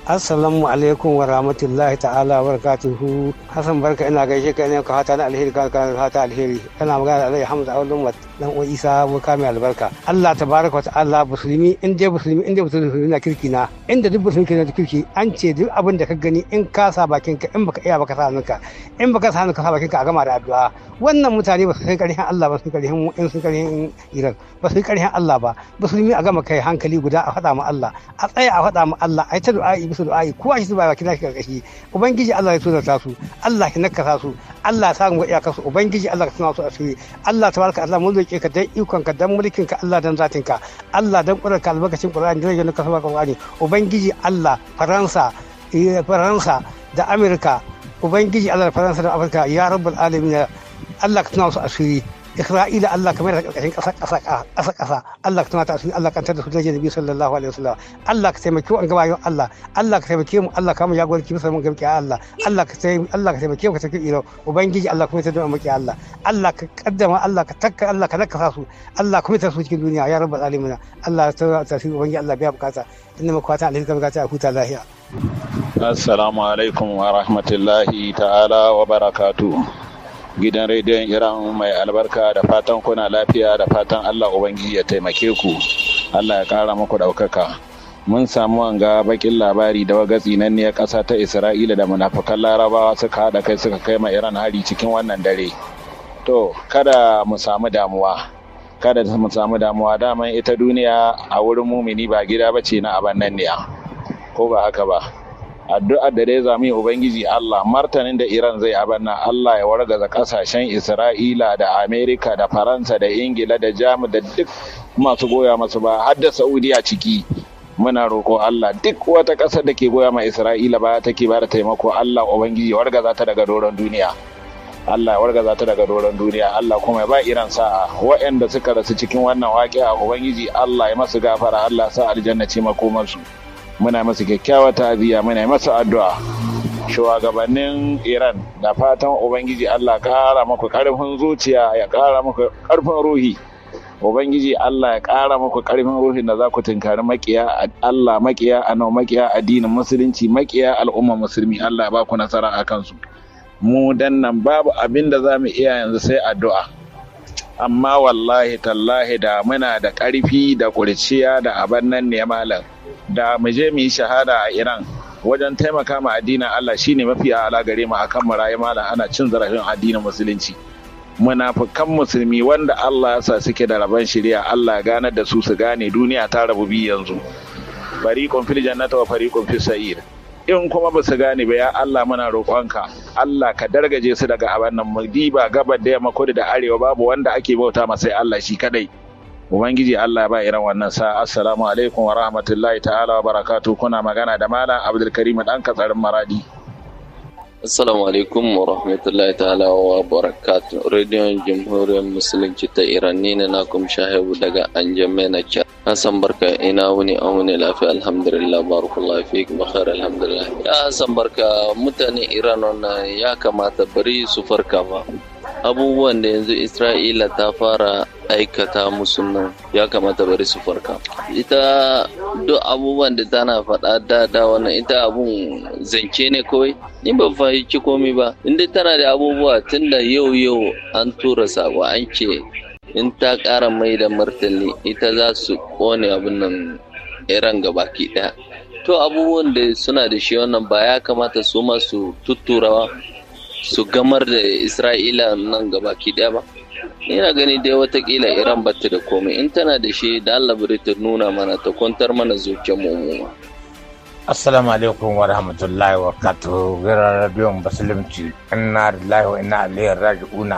assalamu alaikum wa rahmatullahi ta'ala wa barakatuhu hassan barka ina gaishe ka ne ka hata na alheri ka hata alheri kana magana da alai hamza aulun dan uwa isa boka mai albarka allah baraka wa ta'ala musulmi in dai musulmi in dai musulmi na kirki na inda duk musulmi ke na kirki an ce duk abin da ka gani in ka sa bakin ka in baka iya baka sa hannunka in baka sa hannunka sa bakin ka a gama da addu'a wannan mutane ba su san karhin allah ba su mu in su karhin iran ba su karhin allah ba musulmi a gama kai hankali guda a faɗa ma allah a tsaya a faɗa ma allah a yi ta du'a'i bisa du'a'i kowa shi su ba bakin nashi karkashi ubangiji allah ya ta su allah ya nakasa su allah ya sa mu ga iyakarsu ubangiji allah ka tuna su asiri allah tabaraka allah mun roƙe ka dan ikon ka dan mulkin ka Allah dan zatin ka Allah dan ƙurar ka albarkacin Qur'ani da rage ka saba Qur'ani ubangiji Allah Faransa eh, Faransa da Amurka ubangiji Allah Faransa da Afirka ya rabbul alamin Allah ka tuna su asiri Isra'ila Allah kamar da ƙarƙashin ƙasa ƙasa Allah ka tuna ta Allah ka tantar da su da janabi sallallahu alaihi wasallam Allah ka taimake mu an gaba yau Allah Allah ka taimake mu Allah ka mu jagoranci bisa mun gamke Allah Allah ka taimake Allah ka taimake mu ka taimake ilo ubangiji Allah kuma ya tada mu Allah Allah ka kaddama Allah ka takka Allah ka nakasa su Allah kuma ta su cikin duniya ya rabbal alamin Allah ta tasiri ubangiji Allah biya bukata inna makwata alaihi ka bukata a huta lahiya Assalamu alaikum wa rahmatullahi ta'ala wa barakatuh gidan rediyon iran mai albarka da fatan kuna lafiya da fatan allah ubangiji ya taimake ku allah ya kara muku daukaka mun samu wanga bakin labari da waga nan ne ƙasa ta isra'ila da munafukan larabawa suka haɗa kai suka kai ma iran hari cikin wannan dare to kada mu samu damuwa kada mu samu damuwa daman ita duniya a wurin mumini ba gida bace na abannan ne ko ba haka ba addu'a da dai zami ubangiji Allah martanin da Iran zai abanna Allah ya wargaza kasashen Isra'ila da Amerika da Faransa da Ingila da Jamus da duk masu goya masu ba har da Saudiya ciki muna roƙo Allah duk wata ƙasa da ke goya ma Isra'ila ba ta ke da taimako Allah ubangiji ya wargaza ta daga doron duniya Allah ya wargaza ta daga doron duniya Allah kuma ya ba Iran sa'a waɗanda suka rasu cikin wannan waƙi a ubangiji Allah ya masu gafara Allah sa aljanna ce makomarsu. muna masa kyakkyawa ta'aziyya muna masa addu'a shugabannin iran da fatan ubangiji allah kara maku karfin zuciya ya kara maku karfin ruhi ubangiji allah ya kara maku karfin ruhin da za ku tunkari makiya allah makiya anau makiya addinin musulunci makiya al'umma musulmi allah ba ku nasara a kansu mu dan babu abin da za mu iya yanzu sai addu'a amma wallahi tallahi da muna da karfi da kurciya da abannan ne malam da mu je mu yi shahada a Iran wajen taimaka ma addinin Allah shine mafi ala gare mu akan mu rayu malam ana cin zarafin addinin musulunci munafukan musulmi wanda Allah ya sa suke da rabon shari'a Allah gane da su su gane duniya ta rabu bi yanzu fariqun fil jannati wa fariqun fis sa'ir in kuma ba su gane ba ya Allah muna roƙonka Allah ka dargaje su daga abannan mudiba gabar da yamma kudu da arewa babu wanda ake bauta masa sai Allah shi kadai ubangiji Allah ba irin wannan sa assalamu alaikum wa rahmatullahi ta'ala wa barakatu kuna magana da malam abdulkarim dan katsarin maradi assalamu alaikum wa rahmatullahi ta'ala wa barakatu rediyon jamhuriyar musulunci ta iran ne na nakum shahibu daga anjamena cha hassan barka ina wuni an wuni lafiya alhamdulillah barakallahu fik bakhir alhamdulillah ya hassan barka mutane iran wannan ya kamata bari su farka ba abubuwan da yanzu isra'ila ta fara aikata musu nan ya kamata bari su farka ita duk abubuwan da tana faɗa da da wannan ita abun zance ne kawai in ba fahimci komai ba inda tana da abubuwa tun da yau yau an tura sako an ce in ta ƙara mai da martani ita za su ƙone abin nan iran gabaki ɗaya to abubuwan da suna da shi wannan ba ya kamata su masu tutturawa su gamar da isra'ila nan gabaki daya ba ina gani dai watakila iran bata da komai in tana da shi da allah ta nuna mana ta kwantar mana zuciyar mu assalamu alaikum wa rahmatullahi wa kato gara radiyon musulunci inna lillahi wa inna ilaihi raji'una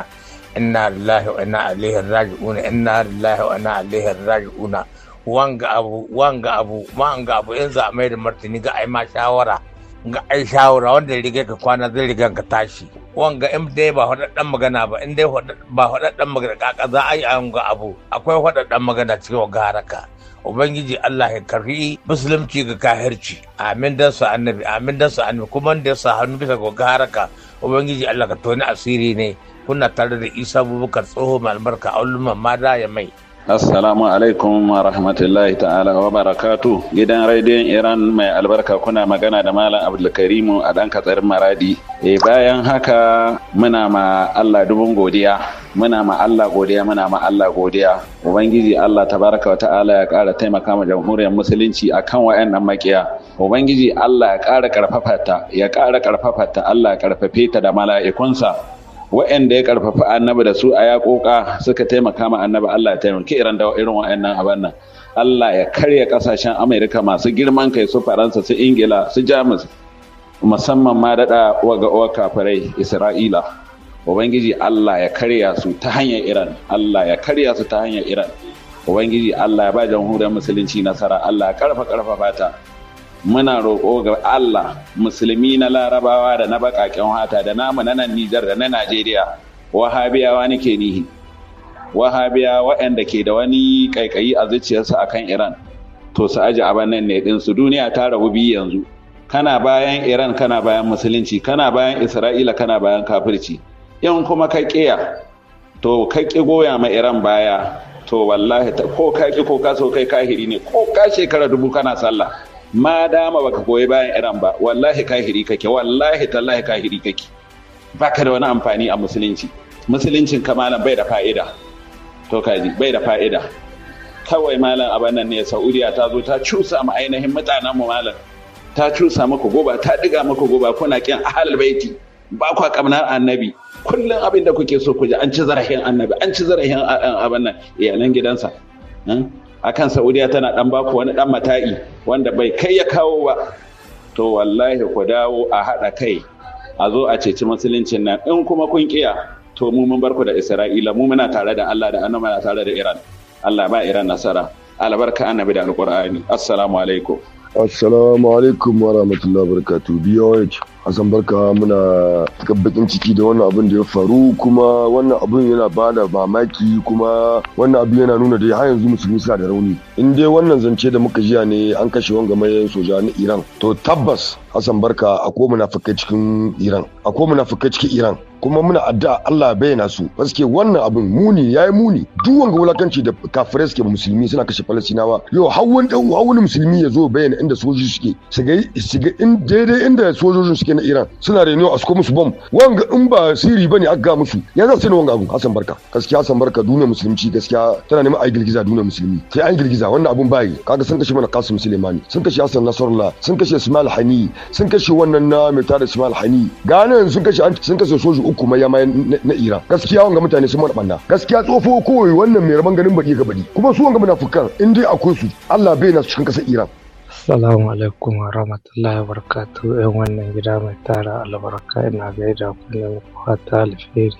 inna lillahi wa inna ilaihi raji'una inna lillahi wa inna ilaihi raji'una wanga abu wanga abu ma wanga abu in za a mai da martini ga ai ma shawara ga ai shawara wanda riga ka kwana zai riga ka tashi wanga in dai ba hudaddan magana ba in dai ba hudaddan magana kaka za a yi an ga abu akwai hudaddan magana cikin garaka ubangiji Allah ya karri musulunci ga kahirci amin dan sa annabi amin dan sa annabi kuma da sa hannu bisa ga garaka ubangiji Allah ka toni asiri ne kuna tare da Isa Abubakar tsoho malmarka auluman mada ya mai Assalamu alaikum wa rahmatullahi ta'ala wa barakatu gidan rediyon Iran mai albarka kuna magana da Malam Abdulkarimu a ɗan katsar Maradi. E bayan haka muna ma Allah dubun godiya, muna ma Allah godiya, muna ma Allah godiya. Ubangiji Allah ta baraka wa ta'ala ya ƙara taimaka ma jamhuriyar musulunci a akan wayannan makiya. Ubangiji Allah ya ƙara ƙarfafa ta, ya ƙara ƙarfafa ta, Allah ya ƙarfafe ta da mala'ikunsa. wa'anda ya karfafa annabi da su a yaƙoƙa suka taimaka ma annabi Allah ya taimaki irin da irin wa'annan abin nan Allah ya karya kasashen Amerika masu girman kai su Faransa su Ingila su Jamus musamman ma daɗa waga uwar kafirai Isra'ila Ubangiji Allah ya karya su ta hanyar Iran Allah ya karya su ta hanyar Iran Ubangiji Allah ya ba jamhuriyar musulunci nasara Allah ya karfa karfafa ta muna roƙo ga Allah musulmi na larabawa da na baƙaƙen hata da namu na nan Nijar da na Najeriya wahabiyawa nake nihi wahabiya waɗanda ke da wani ƙaiƙayi a zuciyarsu akan Iran to su aji nan ne su duniya ta rabu biyu yanzu kana bayan Iran kana bayan musulunci kana bayan Isra'ila kana bayan kafirci in kuma ka ƙiya to ka ƙi goya ma Iran baya to wallahi ko ka ƙi ko ka so kai kahiri ne ko ka shekara dubu kana sallah ma dama baka goyi bayan Iran ba wallahi kahiri kake wallahi tallahi kahiri kake baka da wani amfani a musulunci musuluncin ka malam bai da fa'ida to kaji bai da fa'ida kawai malam a nan ne Saudiya ta zo ta cusa mu ainihin mutanen mu malam ta cusa muku goba ta diga muku goba kuna kin ahal baiti ba kwa kamnar annabi kullum abin da kuke so ku ji an ci zarahin annabi an ci zarahin eh, abin nan iyalan gidansa hmm? akan saudiya tana dan baku wani dan mata'i wanda bai kai ya kawo ba to wallahi ku dawo a haɗa kai a zo a ceci musuluncin nan in kuma kun kiya to mu mun barku da isra'ila mu muna tare da allah da annabi muna tare da iran allah ba iran nasara albarka annabi da alqur'ani assalamu alaikum Assalamu alaikum wa rahmatullahi barakatu a Hassan barka muna bakin ciki da wannan abin da ya faru kuma wannan abin yana bada mamaki kuma wannan abin yana nuna da har yanzu musulmi suna da rauni in dai wannan zance da muka jiya ne an kashe wanga mai soja na Iran to tabbas Hassan barka akwai munafikai cikin Iran akwai munafikai cikin Iran kuma muna addu'a Allah ya bayyana su paske wannan abin muni yayi muni duk wanga wulakanci da kafirai suke musulmi suna kashe falastinawa yau har wani dan uwa wani musulmi ya zo bayyana inda sojoji suke su ga su ga in daidai inda sojojin suke na Iran suna reno a suko musu bom wanga in ba siri bane aka ga musu ya za su ne wanga abu Hassan Barka gaskiya Hassan Barka duniyar musulunci gaskiya tana neman ai girgiza duniyar musulmi sai an girgiza wannan abun bai kaga sun kashe mana Qasim Suleimani sun kashe Hassan Nasrullah sun kashe Ismail Hani sun kashe wannan na mai tada Ismail Hani ganin sun kashe sun kashe sojoji kuma ya mai na Iran gaskiya wanga mutane sun mana banna gaskiya tsofo kowai wannan mai raban ganin baki ga baki kuma su wanga munafukan in dai akwai su Allah bai na su cikin kasar Iran Assalamu alaikum wa rahmatullahi wa barakatu ‘yan wannan gida mai tara albarka ina gaida kullum fata alheri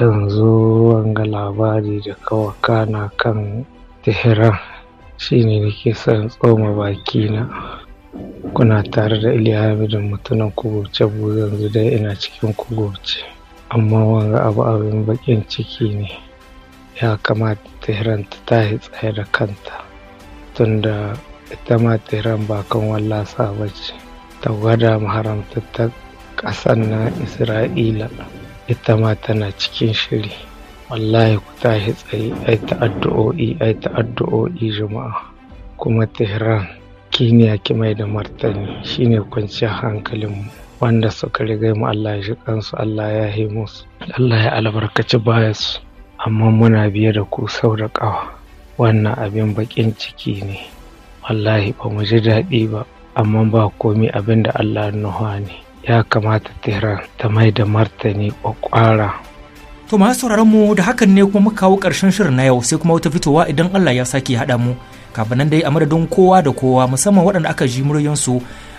yanzu wanga labari da kawaka na kan Tehran shine nake son tsoma baki na kuna tare da Iliya mutunan mutumin kubuce yanzu dai ina cikin kubuce. amma wanga abu abin bakin ciki ne ya kamata tehran ta tahi tsaye da kanta tunda ita ma tehran ba kan wallasa ba ce ta gwada maharamta ta ƙasan na isra'ila ita ma tana cikin shiri wallahi ku tashi tsaye ai ta'addu'o'i ai ta'addu'o'i jama'a kuma tehran kiniya ki mai da martani shine kwanciyar hankalinmu wanda suka riga mu Allah ya shi kansu Allah ya yi musu Allah ya albarkaci bayansu amma muna biye da ku sau da ƙawa wannan abin baƙin ciki ne wallahi ba mu ji daɗi ba amma ba komi abin da Allah nuha ne ya kamata Tehran ta mai da martani ƙwaƙwara To masu sauraron mu da hakan ne kuma muka kawo ƙarshen shirin na yau sai kuma wata fitowa idan Allah ya sake haɗa mu. Kafin nan dai a madadin kowa da kowa musamman waɗanda aka ji muryansu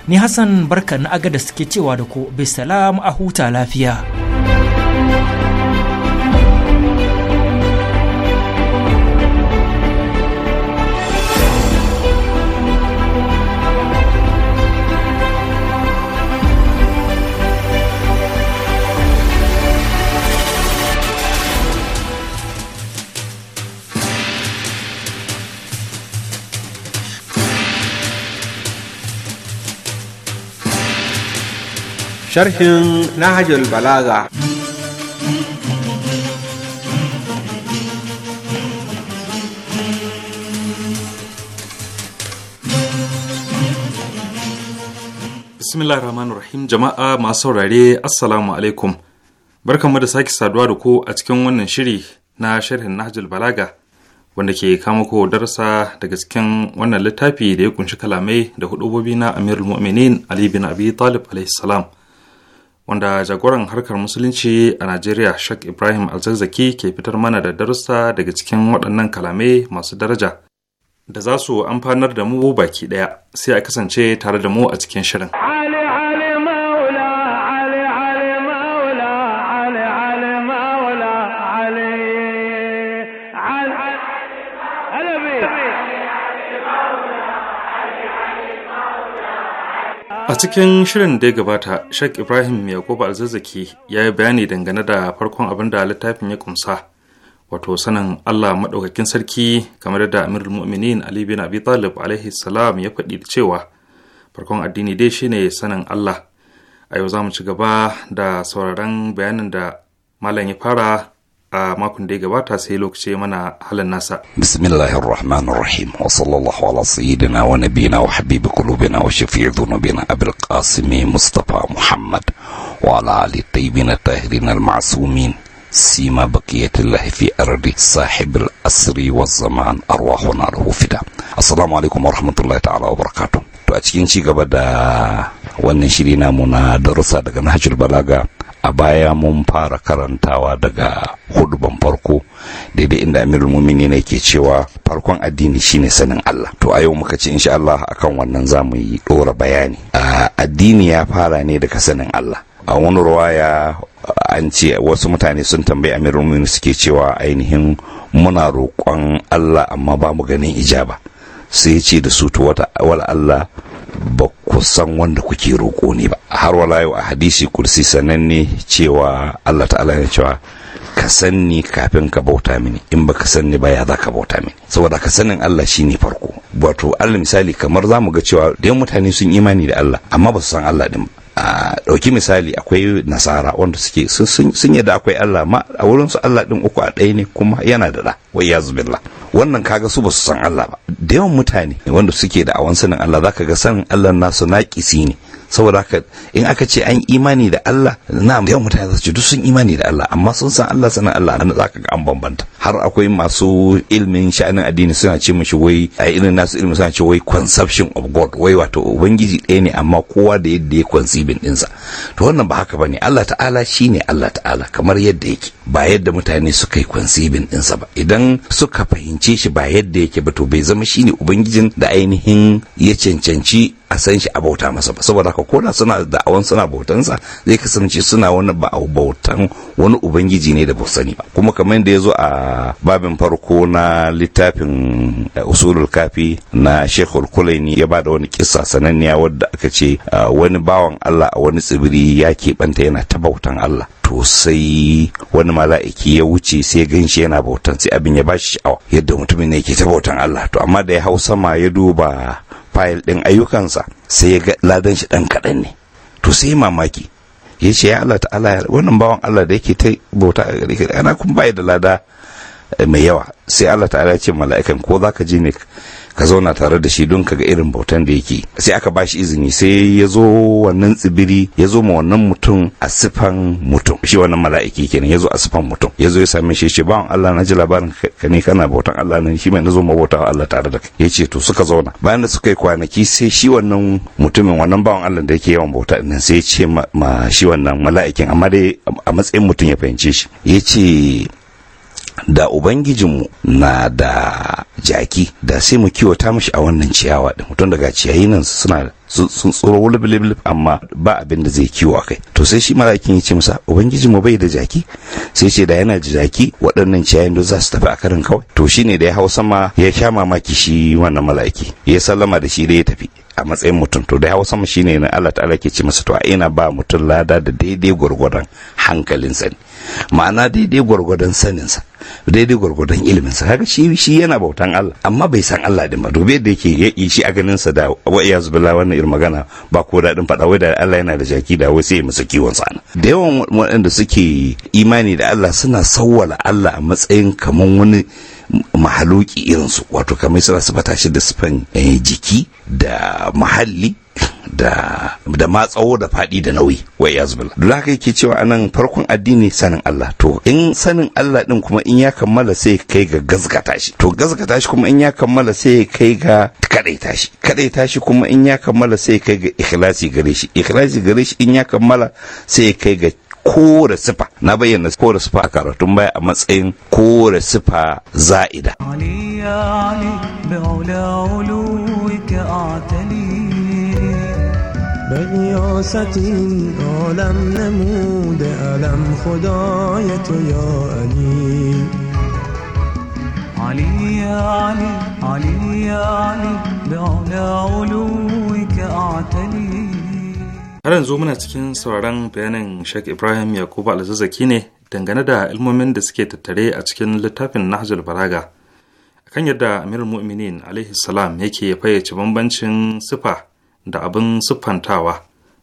ni hassan barka na agada suke cewa da ku bisalam a huta lafiya. sharhin nahajul balaga bismillah rahman rahim jama'a masu saurare assalamu alaikum barkanmu da sake saduwa da ku a cikin wannan shiri na sharhin nahjul balaga wanda ke kama ko darsa daga cikin wannan littafi da ya kunshi kalamai da hudubobi na amirul mu'minin ali bin abi talib alaihi salam wanda jagoran harkar musulunci a Najeriya Sheikh Ibrahim Alzazzaki ke fitar mana da darussa daga cikin waɗannan kalamai masu daraja da za su amfanar da mu baki ɗaya sai a kasance tare da mu a cikin shirin. a cikin shirin da ya gabata sheikh ibrahim yakubu alzazzaki ya yi bayani dangane da farkon abin da littafin ya kumsa wato sanin allah maɗaukakin sarki kamar da amirul mu'minin ali bin abi talib alaihi salam ya faɗi cewa farkon addini dai shine sanin allah a yau za mu ci gaba da sauraron bayanin da malam ya fara a makon da ya gabata sai lokaci mana halin nasa. Bismillahir Rahmanir Rahim wa sallallahu ala sayyidina wa nabiyina wa habibi kulubina wa shafi'i dhunubina Abul Qasim Mustafa Muhammad wa ala ali tayyibina tahirin al ma'sumin سيما بقية الله في أرضه صاحب الأسر والزمان أرواحنا له Assalamu alaikum wa rahmatullahi ta'ala wa barakatuh. to a cikin ci gaba da wannan shiri namu na darussa daga nahjul balaga a baya mun fara karantawa daga huduban farko daidai inda amirul mumini ne ke cewa farkon addini shine sanin Allah to a yau muka ce insha Allah akan wannan za mu yi dora bayani addini ya fara ne daga sanin Allah a wani ruwaya an ce wasu mutane sun tambayi amirul mumini suke cewa ainihin muna roƙon Allah amma ba mu ganin ijaba sai ce da su to wala Allah ba ku san wanda kuke roƙo ne ba har wala yau a hadisi kursi sananne cewa Allah ta'ala ya cewa ka san ni kafin ka bauta mini in baka sanni ba ya za ka bauta mini saboda ka sanin Allah shi ne farko wato Allah misali kamar za mu ga cewa da mutane sun imani da Allah amma ba su san Allah din ba a ɗauki misali akwai nasara wanda suke sun yadda akwai Allah ma a wurinsu Allah ɗin uku a ɗaya ne kuma yana da ɗa wai ya zubilla wannan kaga su ba su san Allah ba da yawan mutane wanda suke da awan sanin Allah zaka ga sanin Allah nasu naƙisi ne saboda haka in aka ce an imani da Allah na yawan mutane za su ce duk sun imani da Allah amma sun san Allah sanan Allah na za ka ga an bambanta har akwai masu ilmin sha'anin addini suna ce mishi wai a irin nasu ilmin suna ce wai conception of God wai wato ubangiji ɗaya ne amma kowa da yadda ya conceiving ɗinsa to wannan ba haka bane Allah ta'ala shine Allah ta'ala kamar yadda yake ba yadda mutane suka yi conceiving ɗinsa ba idan suka fahimce shi ba yadda yake ba to bai zama shine ubangijin da ainihin ya cancanci a san shi a bauta masa ba saboda haka koda suna da awan suna bautansa zai kasance suna wani ba bautan wani ubangiji ne da ba sani ba kuma kamar yadda ya zo a babin farko na littafin eh, usulul kafi na shekul kulaini ya bada wani kisa sananniya wadda aka ce ah, wani bawan allah a wani tsibiri ya keɓanta yana ta bautan allah to sai wani mala'iki ya wuce sai gan shi yana bautan sai abin ya bashi sha'awa yadda mutumin ne ke ta bautan Allah to amma da ya hau sama ya duba fayil ɗin ayyukansa sai ya ga ladan shi ɗan kaɗan ne to sai mamaki ya ce ya Allah ta'ala wannan bawan Allah da yake ta bauta a gare ana kuma bai da lada Eh, mai yawa sai Allah ta'ala ce mala'ikan ko za ka je ne ka zauna tare da shi don ga irin bautan da yake sai aka bashi izini sai ya zo wannan tsibiri ya zo ma wannan mutum a sifan mutum shi wannan mala'iki kenan ya zo a sifan mutum ya zo ya same shi ce bawan Allah na ji labarin ka ne kana bautan Allah ne shi mai na zo ma bautawa Allah tare da kai ya ce to suka zauna bayan da suka yi kwanaki sai shi wannan mutumin wannan bawan Allah da yake yawan bauta din sai ya ce ma shi wannan mala'ikin amma dai a matsayin mutum ya fahimce shi ya ce da ubangijinmu na da jaki da sai mu kiwata mashi a wannan ciyawa din mutum daga ciyayi nan suna sun tsoro wulif amma ba abin da zai kiwo a kai to sai shi malakin ya ce masa ubangijinmu bai da jaki sai ce da yana da jaki waɗannan ciyayin da za su tafi a karin kawai to shine da ya hau sama ya sha mamaki shi wannan malaki ya sallama da shi da ya tafi a matsayin mutum to da hausa mu shine na Allah ta'ala ke ce masa to a ina ba mutum lada da daidai gwargwadon hankalin sani ma'ana daidai gwargwadon saninsa daidai gwargwadon iliminsa kaga shi shi yana bautan Allah amma bai san Allah din ba dobe da yake ya shi a ganin sa da wa zuba billah wannan irin magana ba ko daɗin faɗa wai da Allah yana da jaki da wai sai masa kiwon sa da yawan waɗanda suke imani da Allah suna sawwala Allah a matsayin kaman wani mahaluki irinsu wato kamar suna sifata shi da sifan eh, jiki da mahalli da da matsawo da fadi da nauyi wai yazbil don haka yake cewa anan farkon addini sanin Allah to in sanin Allah din kuma in ya kammala sai kai ga gazgata shi to gazgata shi kuma in ya kammala sai kai ga kadaita shi kadaita shi kuma in ya kammala sai kai ga ikhlasi gare shi ikhlasi gare shi in ya kammala sai kai ga kore sifa na bayyana kore sifa a karatun baya a matsayin kore sifa za'ida بغياثة عالم نمود ألم خداي تو يا علي علي يا علي علي يا علي بعلى علوك أعتلي Har yanzu muna cikin sauraron bayanin Sheikh Ibrahim Yakubu Alzazzaki ne dangane da ilmomin da suke tattare a cikin littafin Nahjul Balaga. Kan yadda Amir Mu'minin alaihi salam yake fayyace bambancin sifa da abin siffantawa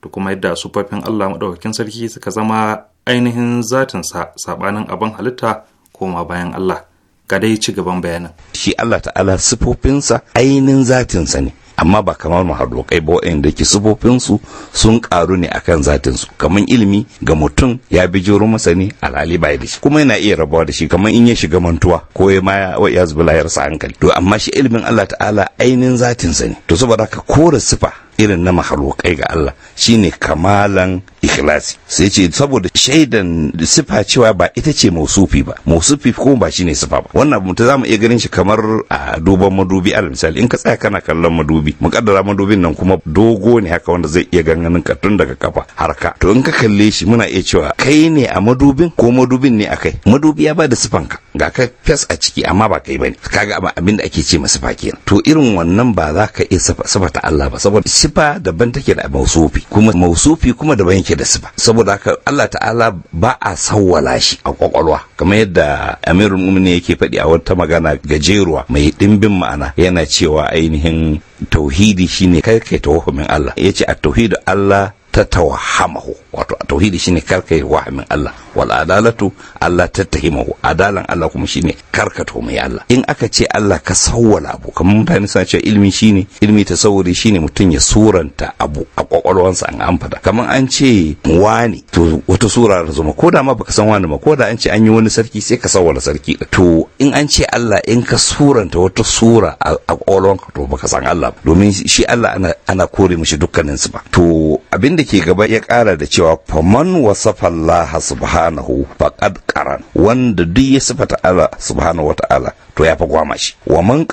da kuma yadda sufafin Allah maɗaukakin sarki suka zama ainihin zatinsa saɓanin abin halitta ko ma bayan Allah. Ga dai ci gaban bayanin. Shi Allah ta'ala sifofinsa ainihin zatinsa ne. amma ba kamar mahadokai ba waɗanda ke sufofinsu sun karu ne a akan zatinsu kamar ilimi ga mutum ya bi masa a alhali bai da shi kuma yana iya rabuwa da shi kamar in ya shiga mantuwa ko ya ma ya zubi layarsa hankali to amma shi ilimin Allah ta'ala ainihin zatinsa ne to saboda ka kore sifa irin na mahalokai ga Allah shine kamalan ikhlasi sai ce saboda shaidan sifa cewa ba ita ce mausufi ba mausufi ko ba shine sifa ba wannan abu zamu iya ganin shi kamar a duban madubi al misali in ka tsaya kana kallon madubi mu kaddara madubin nan kuma dogo ne haka wanda zai iya ganganin ka tun daga kafa har ka to in ka kalle shi muna iya cewa kai ne a madubin ko madubin ne akai madubi ya bada sifan ka ga kai fes a ciki amma ba kai bane kaga abin da ake ce masa sifa kenan to irin wannan ba za ka iya ta Allah ba saboda sifa daban take da mausufi kuma mausufi kuma daban yake da su ba saboda haka Allah ta'ala ba a sawwala shi a kwakwalwa kamar yadda amirul mu'minin yake faɗi a wata magana gajeruwa mai ɗimbin ma'ana yana cewa ainihin tauhidi shine kai kai tawahumin Allah yace at tauhidu Allah ta tawahamahu wato tauhidi shine kai wahamin Allah wal adalatu Allah tattahimahu adalan Allah kuma shine karkato mai Allah in aka ce Allah ka sawwala abu kamar mutane suna cewa ilmi shine ilmi tasawuri shine mutum ya suranta abu a kwakwalwansa an an kamar an ce wani to wata sura da zuma ko da ma baka san wani ma ko da an ce an yi wani sarki sai ka sawwala sarki to in an ce Allah in ka suranta wata sura a kwakwalwanka to baka san Allah domin shi Allah ana ana kore mishi dukkanin su ba to abin da ke gaba ya kara da cewa faman wasafa Allah subhanahu subhanahu faqad qaran wanda duk ya sifata Allah subhanahu wata'ala to ya fa gwama shi wa man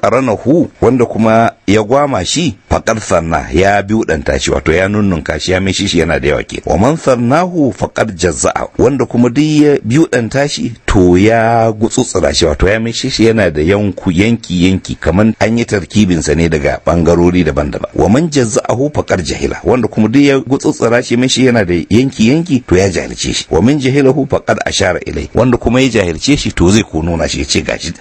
hu wanda kuma ya gwama shi faqad sanna ya biudanta shi wato ya nunnunka shi ya mishi shi yana da yawa ke wa man sannahu faqad jaza'a wanda kuma duk ya biudanta shi to ya gutsutsura shi wato ya mishi shi yana da yanku yanki yanki kaman an yi tarkibin sa ne daga bangarori daban-daban wa man jazza'ahu faqad jahila wanda kuma duk ya gutsutsura shi mishi yana da yanki yanki to ya jahilce shi wa man jahilahu faqad ashara ilai wanda kuma ya jahilce shi to zai ko nuna shi ya ce gashi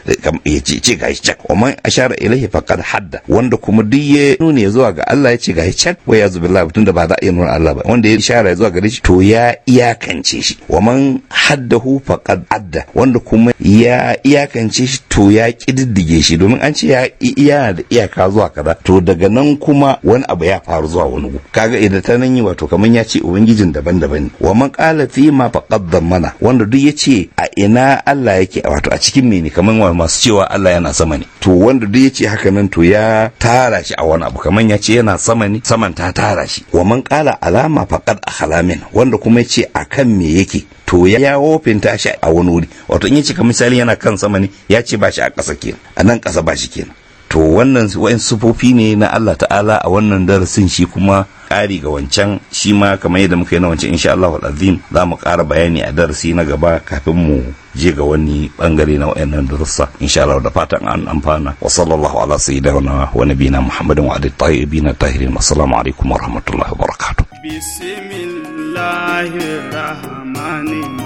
ya ce ce gashi can wa man ashara ilahi faqad hadda wanda kuma duk ya nuna zuwa ga Allah ya ce gashi can wa ya zubillah tunda ba za a yi nuna Allah ba wanda ya ishara zuwa gare shi to ya iyakance shi wa man haddahu faqad adda wanda kuma ya iyakance shi to ya kididdige shi domin an ce ya yana da iyaka zuwa kaza to daga nan kuma wani abu ya faru zuwa wani gu kaga idan ta nan yi wato kaman ya ce ubangijin daban-daban ne wa man qala fi ma faqad mana wanda duk ya ce a ina Allah yake wato a cikin mene kaman masu cewa cewa Allah yana sama ne to wanda duk yace haka nan to ya tara shi a wani abu kaman ya ce yana sama ne saman ta tara shi wa man qala alama faqad akhalamin wanda kuma yace akan me yake to ya wofinta shi a wani wuri wato in yace ka misali yana kan sama ne ya ce ba shi a ƙasa kenan a nan ƙasa ba shi kenan to wannan wa'in sufofi ne na Allah ta'ala a wannan darasin shi kuma ƙari ga wancan shi ma kamar yadda muka yi na wancan insha Allah azim za mu ƙara bayani a darasi na gaba kafin mu je ga wani bangare na wa'annan darussa insha Allah da fatan an amfana wa sallallahu ala sayyidina wa nabiyina muhammadin wa alihi tayyibin tahirin assalamu alaikum wa rahmatullahi wa barakatuh bismillahir rahmanir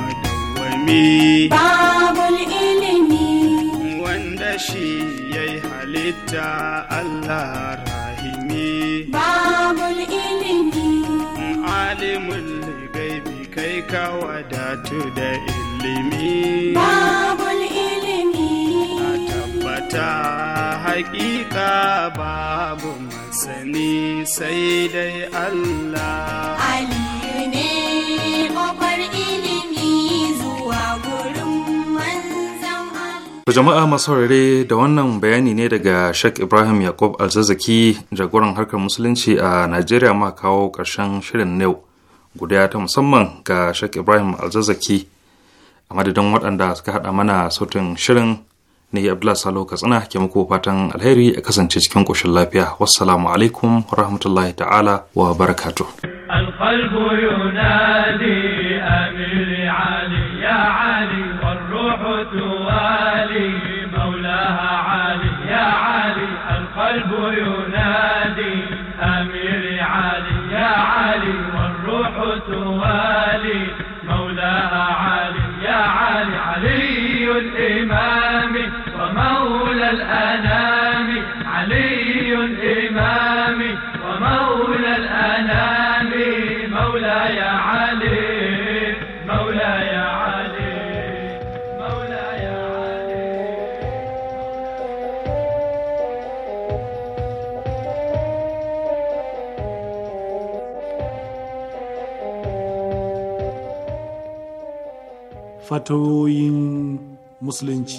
rahim babul ilimi wanda shi ta Allah rahimi babul ilimi alimul gaibi kai ka wadatu da ilimi babul ilimi a tabbata hakika babu masani sai dai Allah ali To jama'a masu saurare da wannan bayani ne daga Sheikh Ibrahim Yakub Alzazzaki jagoran harkar musulunci a Najeriya ma kawo karshen shirin yau. Guda ta musamman ga Sheikh Ibrahim Alzazzaki a madadin waɗanda suka haɗa mana sautin shirin ne Abdullahi Salo Katsina ke muku fatan alheri a kasance cikin ƙoshin lafiya. Wassalamu alaikum wa rahmatullahi ta'ala wa barakatuh. fatoyin musulunci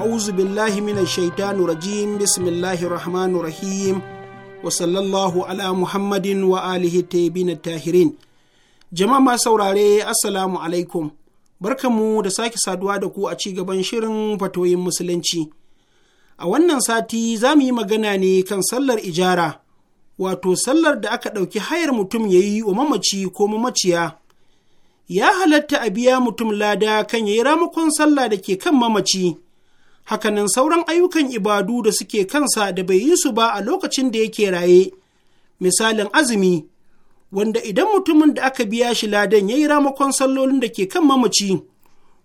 أعوذ بالله من الشيطان الرجيم بسم الله الرحمن الرحيم wa sallallahu ala muhammadin wa alihi tayyibin tahirin jama'a ma saurare assalamu alaikum mu da sake saduwa da ku a ci gaban shirin fatoyin musulunci a wannan sati za mu yi magana ne kan sallar ijara wato sallar da aka ɗauki hayar mutum ya yi wa mamaci ko mamaciya ya halatta a biya mutum lada kan ya yi ramakon sallah da ke kan mamaci hakanan sauran ayyukan ibadu da suke kansa da bai yi su ba a lokacin da yake raye misalin azumi wanda idan mutumin da aka biya shi ladan ya yi ramakon sallolin da ke kan mamaci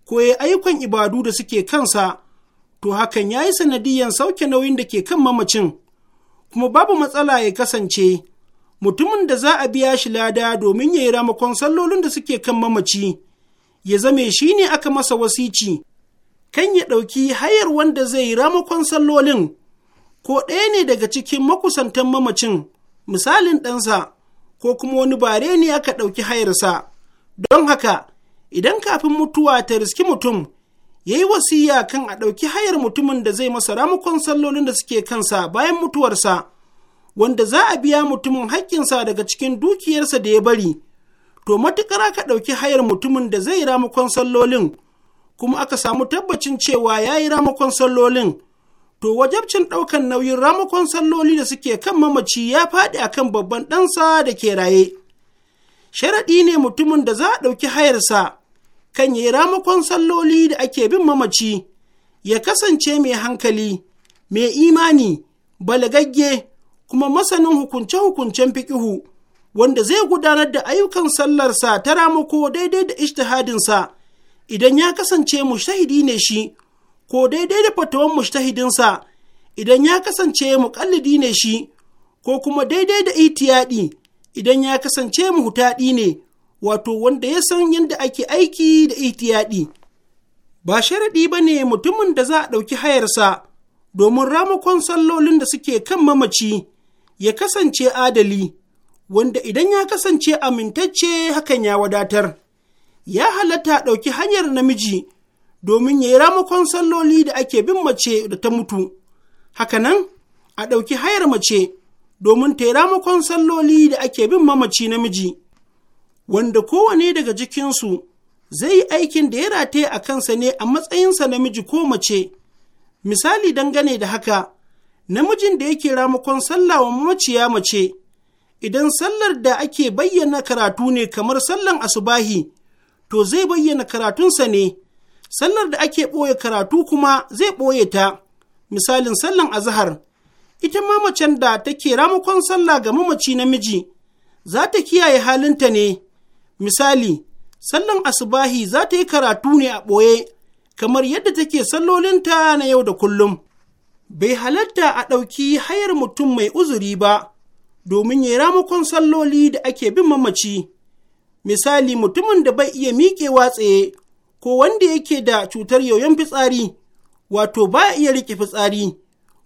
ko ya ayyukan ibadu da suke kansa to hakan ya yi sanadiyan sauke nauyin da ke kan mamacin kuma babu matsala ya kasance mutumin da za a biya shi lada domin ya yi ramakon sallolin da suke kan mamaci ya zame shi ne aka masa wasici kan ya ɗauki hayar wanda zai yi ramakon sallolin ko ɗaya ne daga cikin makusantan mamacin misalin ɗansa ko kuma wani bare ne aka ɗauki hayarsa don haka idan kafin mutuwa ta riski mutum ya yi wasiya kan a ɗauki hayar mutumin da zai masa ramakon sallolin da suke kansa bayan mutuwarsa wanda za a biya mutumin haƙƙinsa daga cikin dukiyarsa da ya bari to matuƙar ka ɗauki hayar mutumin da zai ramakon sallolin kuma aka samu tabbacin cewa ya yi ramakon sallolin to wajabcin ɗaukan nauyin ramakon salloli da suke kan mamaci ya faɗi a kan babban ɗansa da ke raye sharaɗi ne mutumin da za a ɗauki hayarsa kan yi ramakon salloli da ake bin mamaci ya kasance mai hankali mai imani balagagge kuma masanin hukunce-hukuncen fikihu wanda zai gudanar da ayyukan sallarsa ta ramako daidai da ishtihadinsa idan ya kasance mushtahidi ne shi ko daidai da fatawan mushtahidinsa idan ya kasance muƙallidi ne shi ko kuma daidai da itiyaɗi idan ya kasance muhutaɗi ne wato wanda ya san yadda ake aiki da itiyaɗi ba sharaɗi ba ne mutumin da za a ɗauki hayarsa domin ramakon sallolin da suke kan mamaci ya kasance adali wanda idan ya kasance amintacce hakan ya wadatar. ya halatta ɗauki hanyar namiji domin ya yi ramakon salloli da ake bin mace da ta mutu. Hakanan, a ɗauki hayar mace domin ta yi ramakon salloli da ake bin mamaci namiji, wanda kowane daga jikinsu zai yi aikin da ya rataye a kansa ne a matsayinsa namiji ko mace. Misali dangane da haka, namijin da yake ramakon sallah wa mamaciya mace, idan sallar da ake bayyana karatu ne kamar sallan asubahi. to zai bayyana karatunsa ne, sallar da ake ɓoye karatu kuma zai ɓoye ta, misalin sallan azahar, ita ma macen da take ramakon sallah ga mamaci namiji, za ta kiyaye halinta ne, misali, sallan asubahi za ta yi karatu ne a ɓoye, kamar yadda take sallolinta na yau da kullum. Bai halatta a ɗauki hayar mutum mai uzuri ba, domin ya ramakon salloli da ake bin mamaci. misali mutumin da bai iya miƙewa tsaye ko wanda yake da cutar yoyon fitsari wato ba iya riƙe fitsari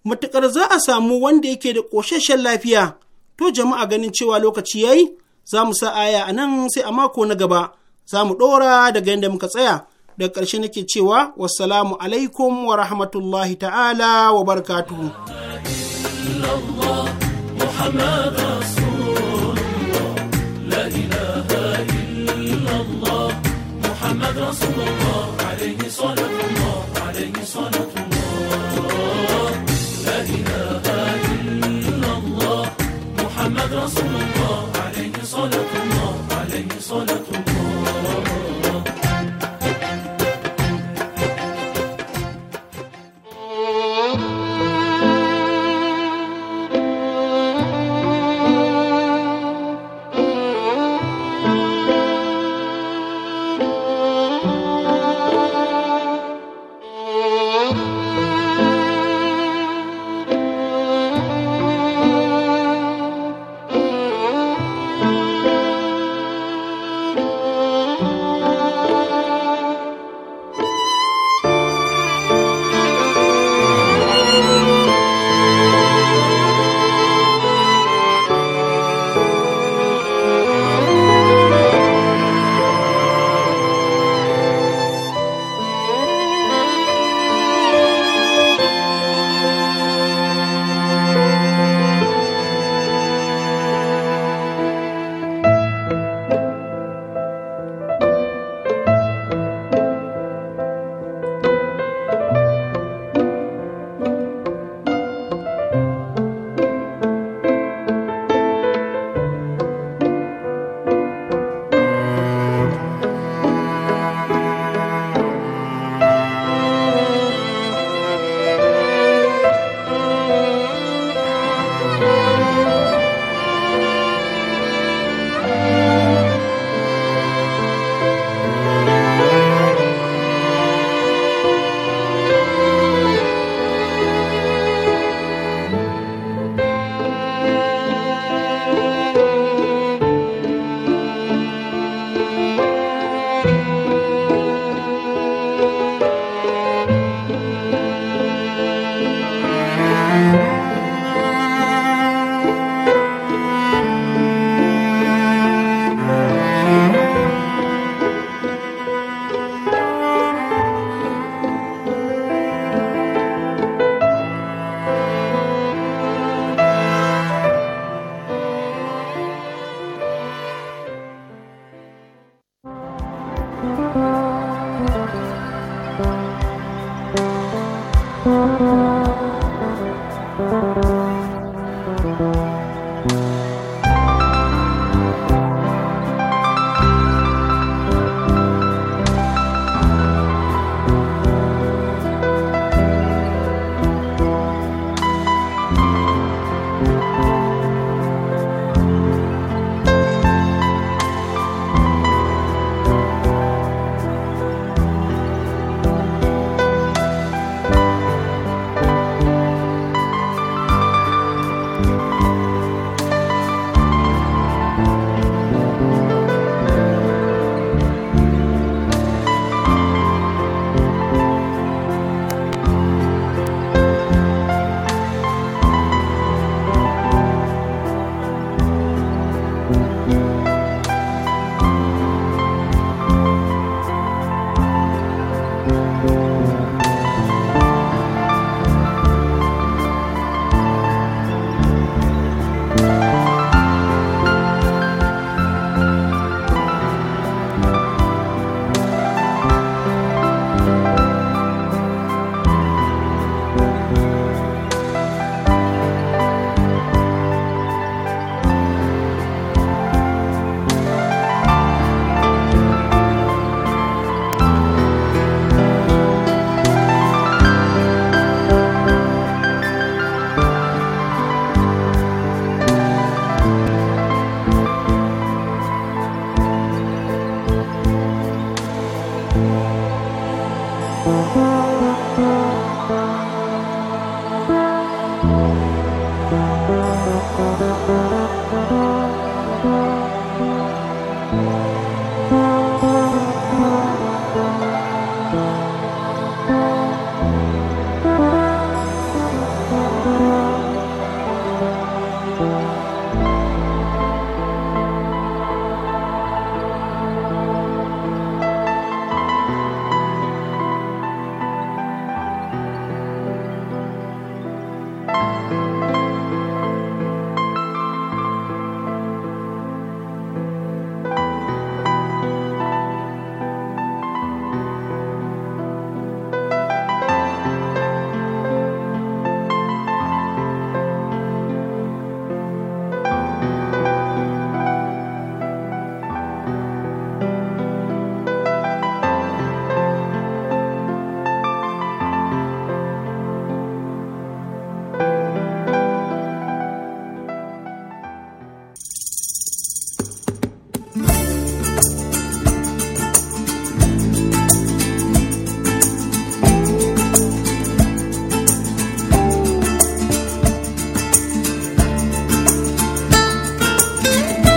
matuƙar za a samu wanda yake da ƙoshashen lafiya to jama'a ganin cewa lokaci ya yi, za mu sa aya a nan sai a mako na gaba za mu ɗora daga yadda muka tsaya da ƙarshe nake cewa wassalamu alaikum wa rahmatullahi ta'ala wa barakatuhu Resulullah aleyhi salatu aleyhi salatu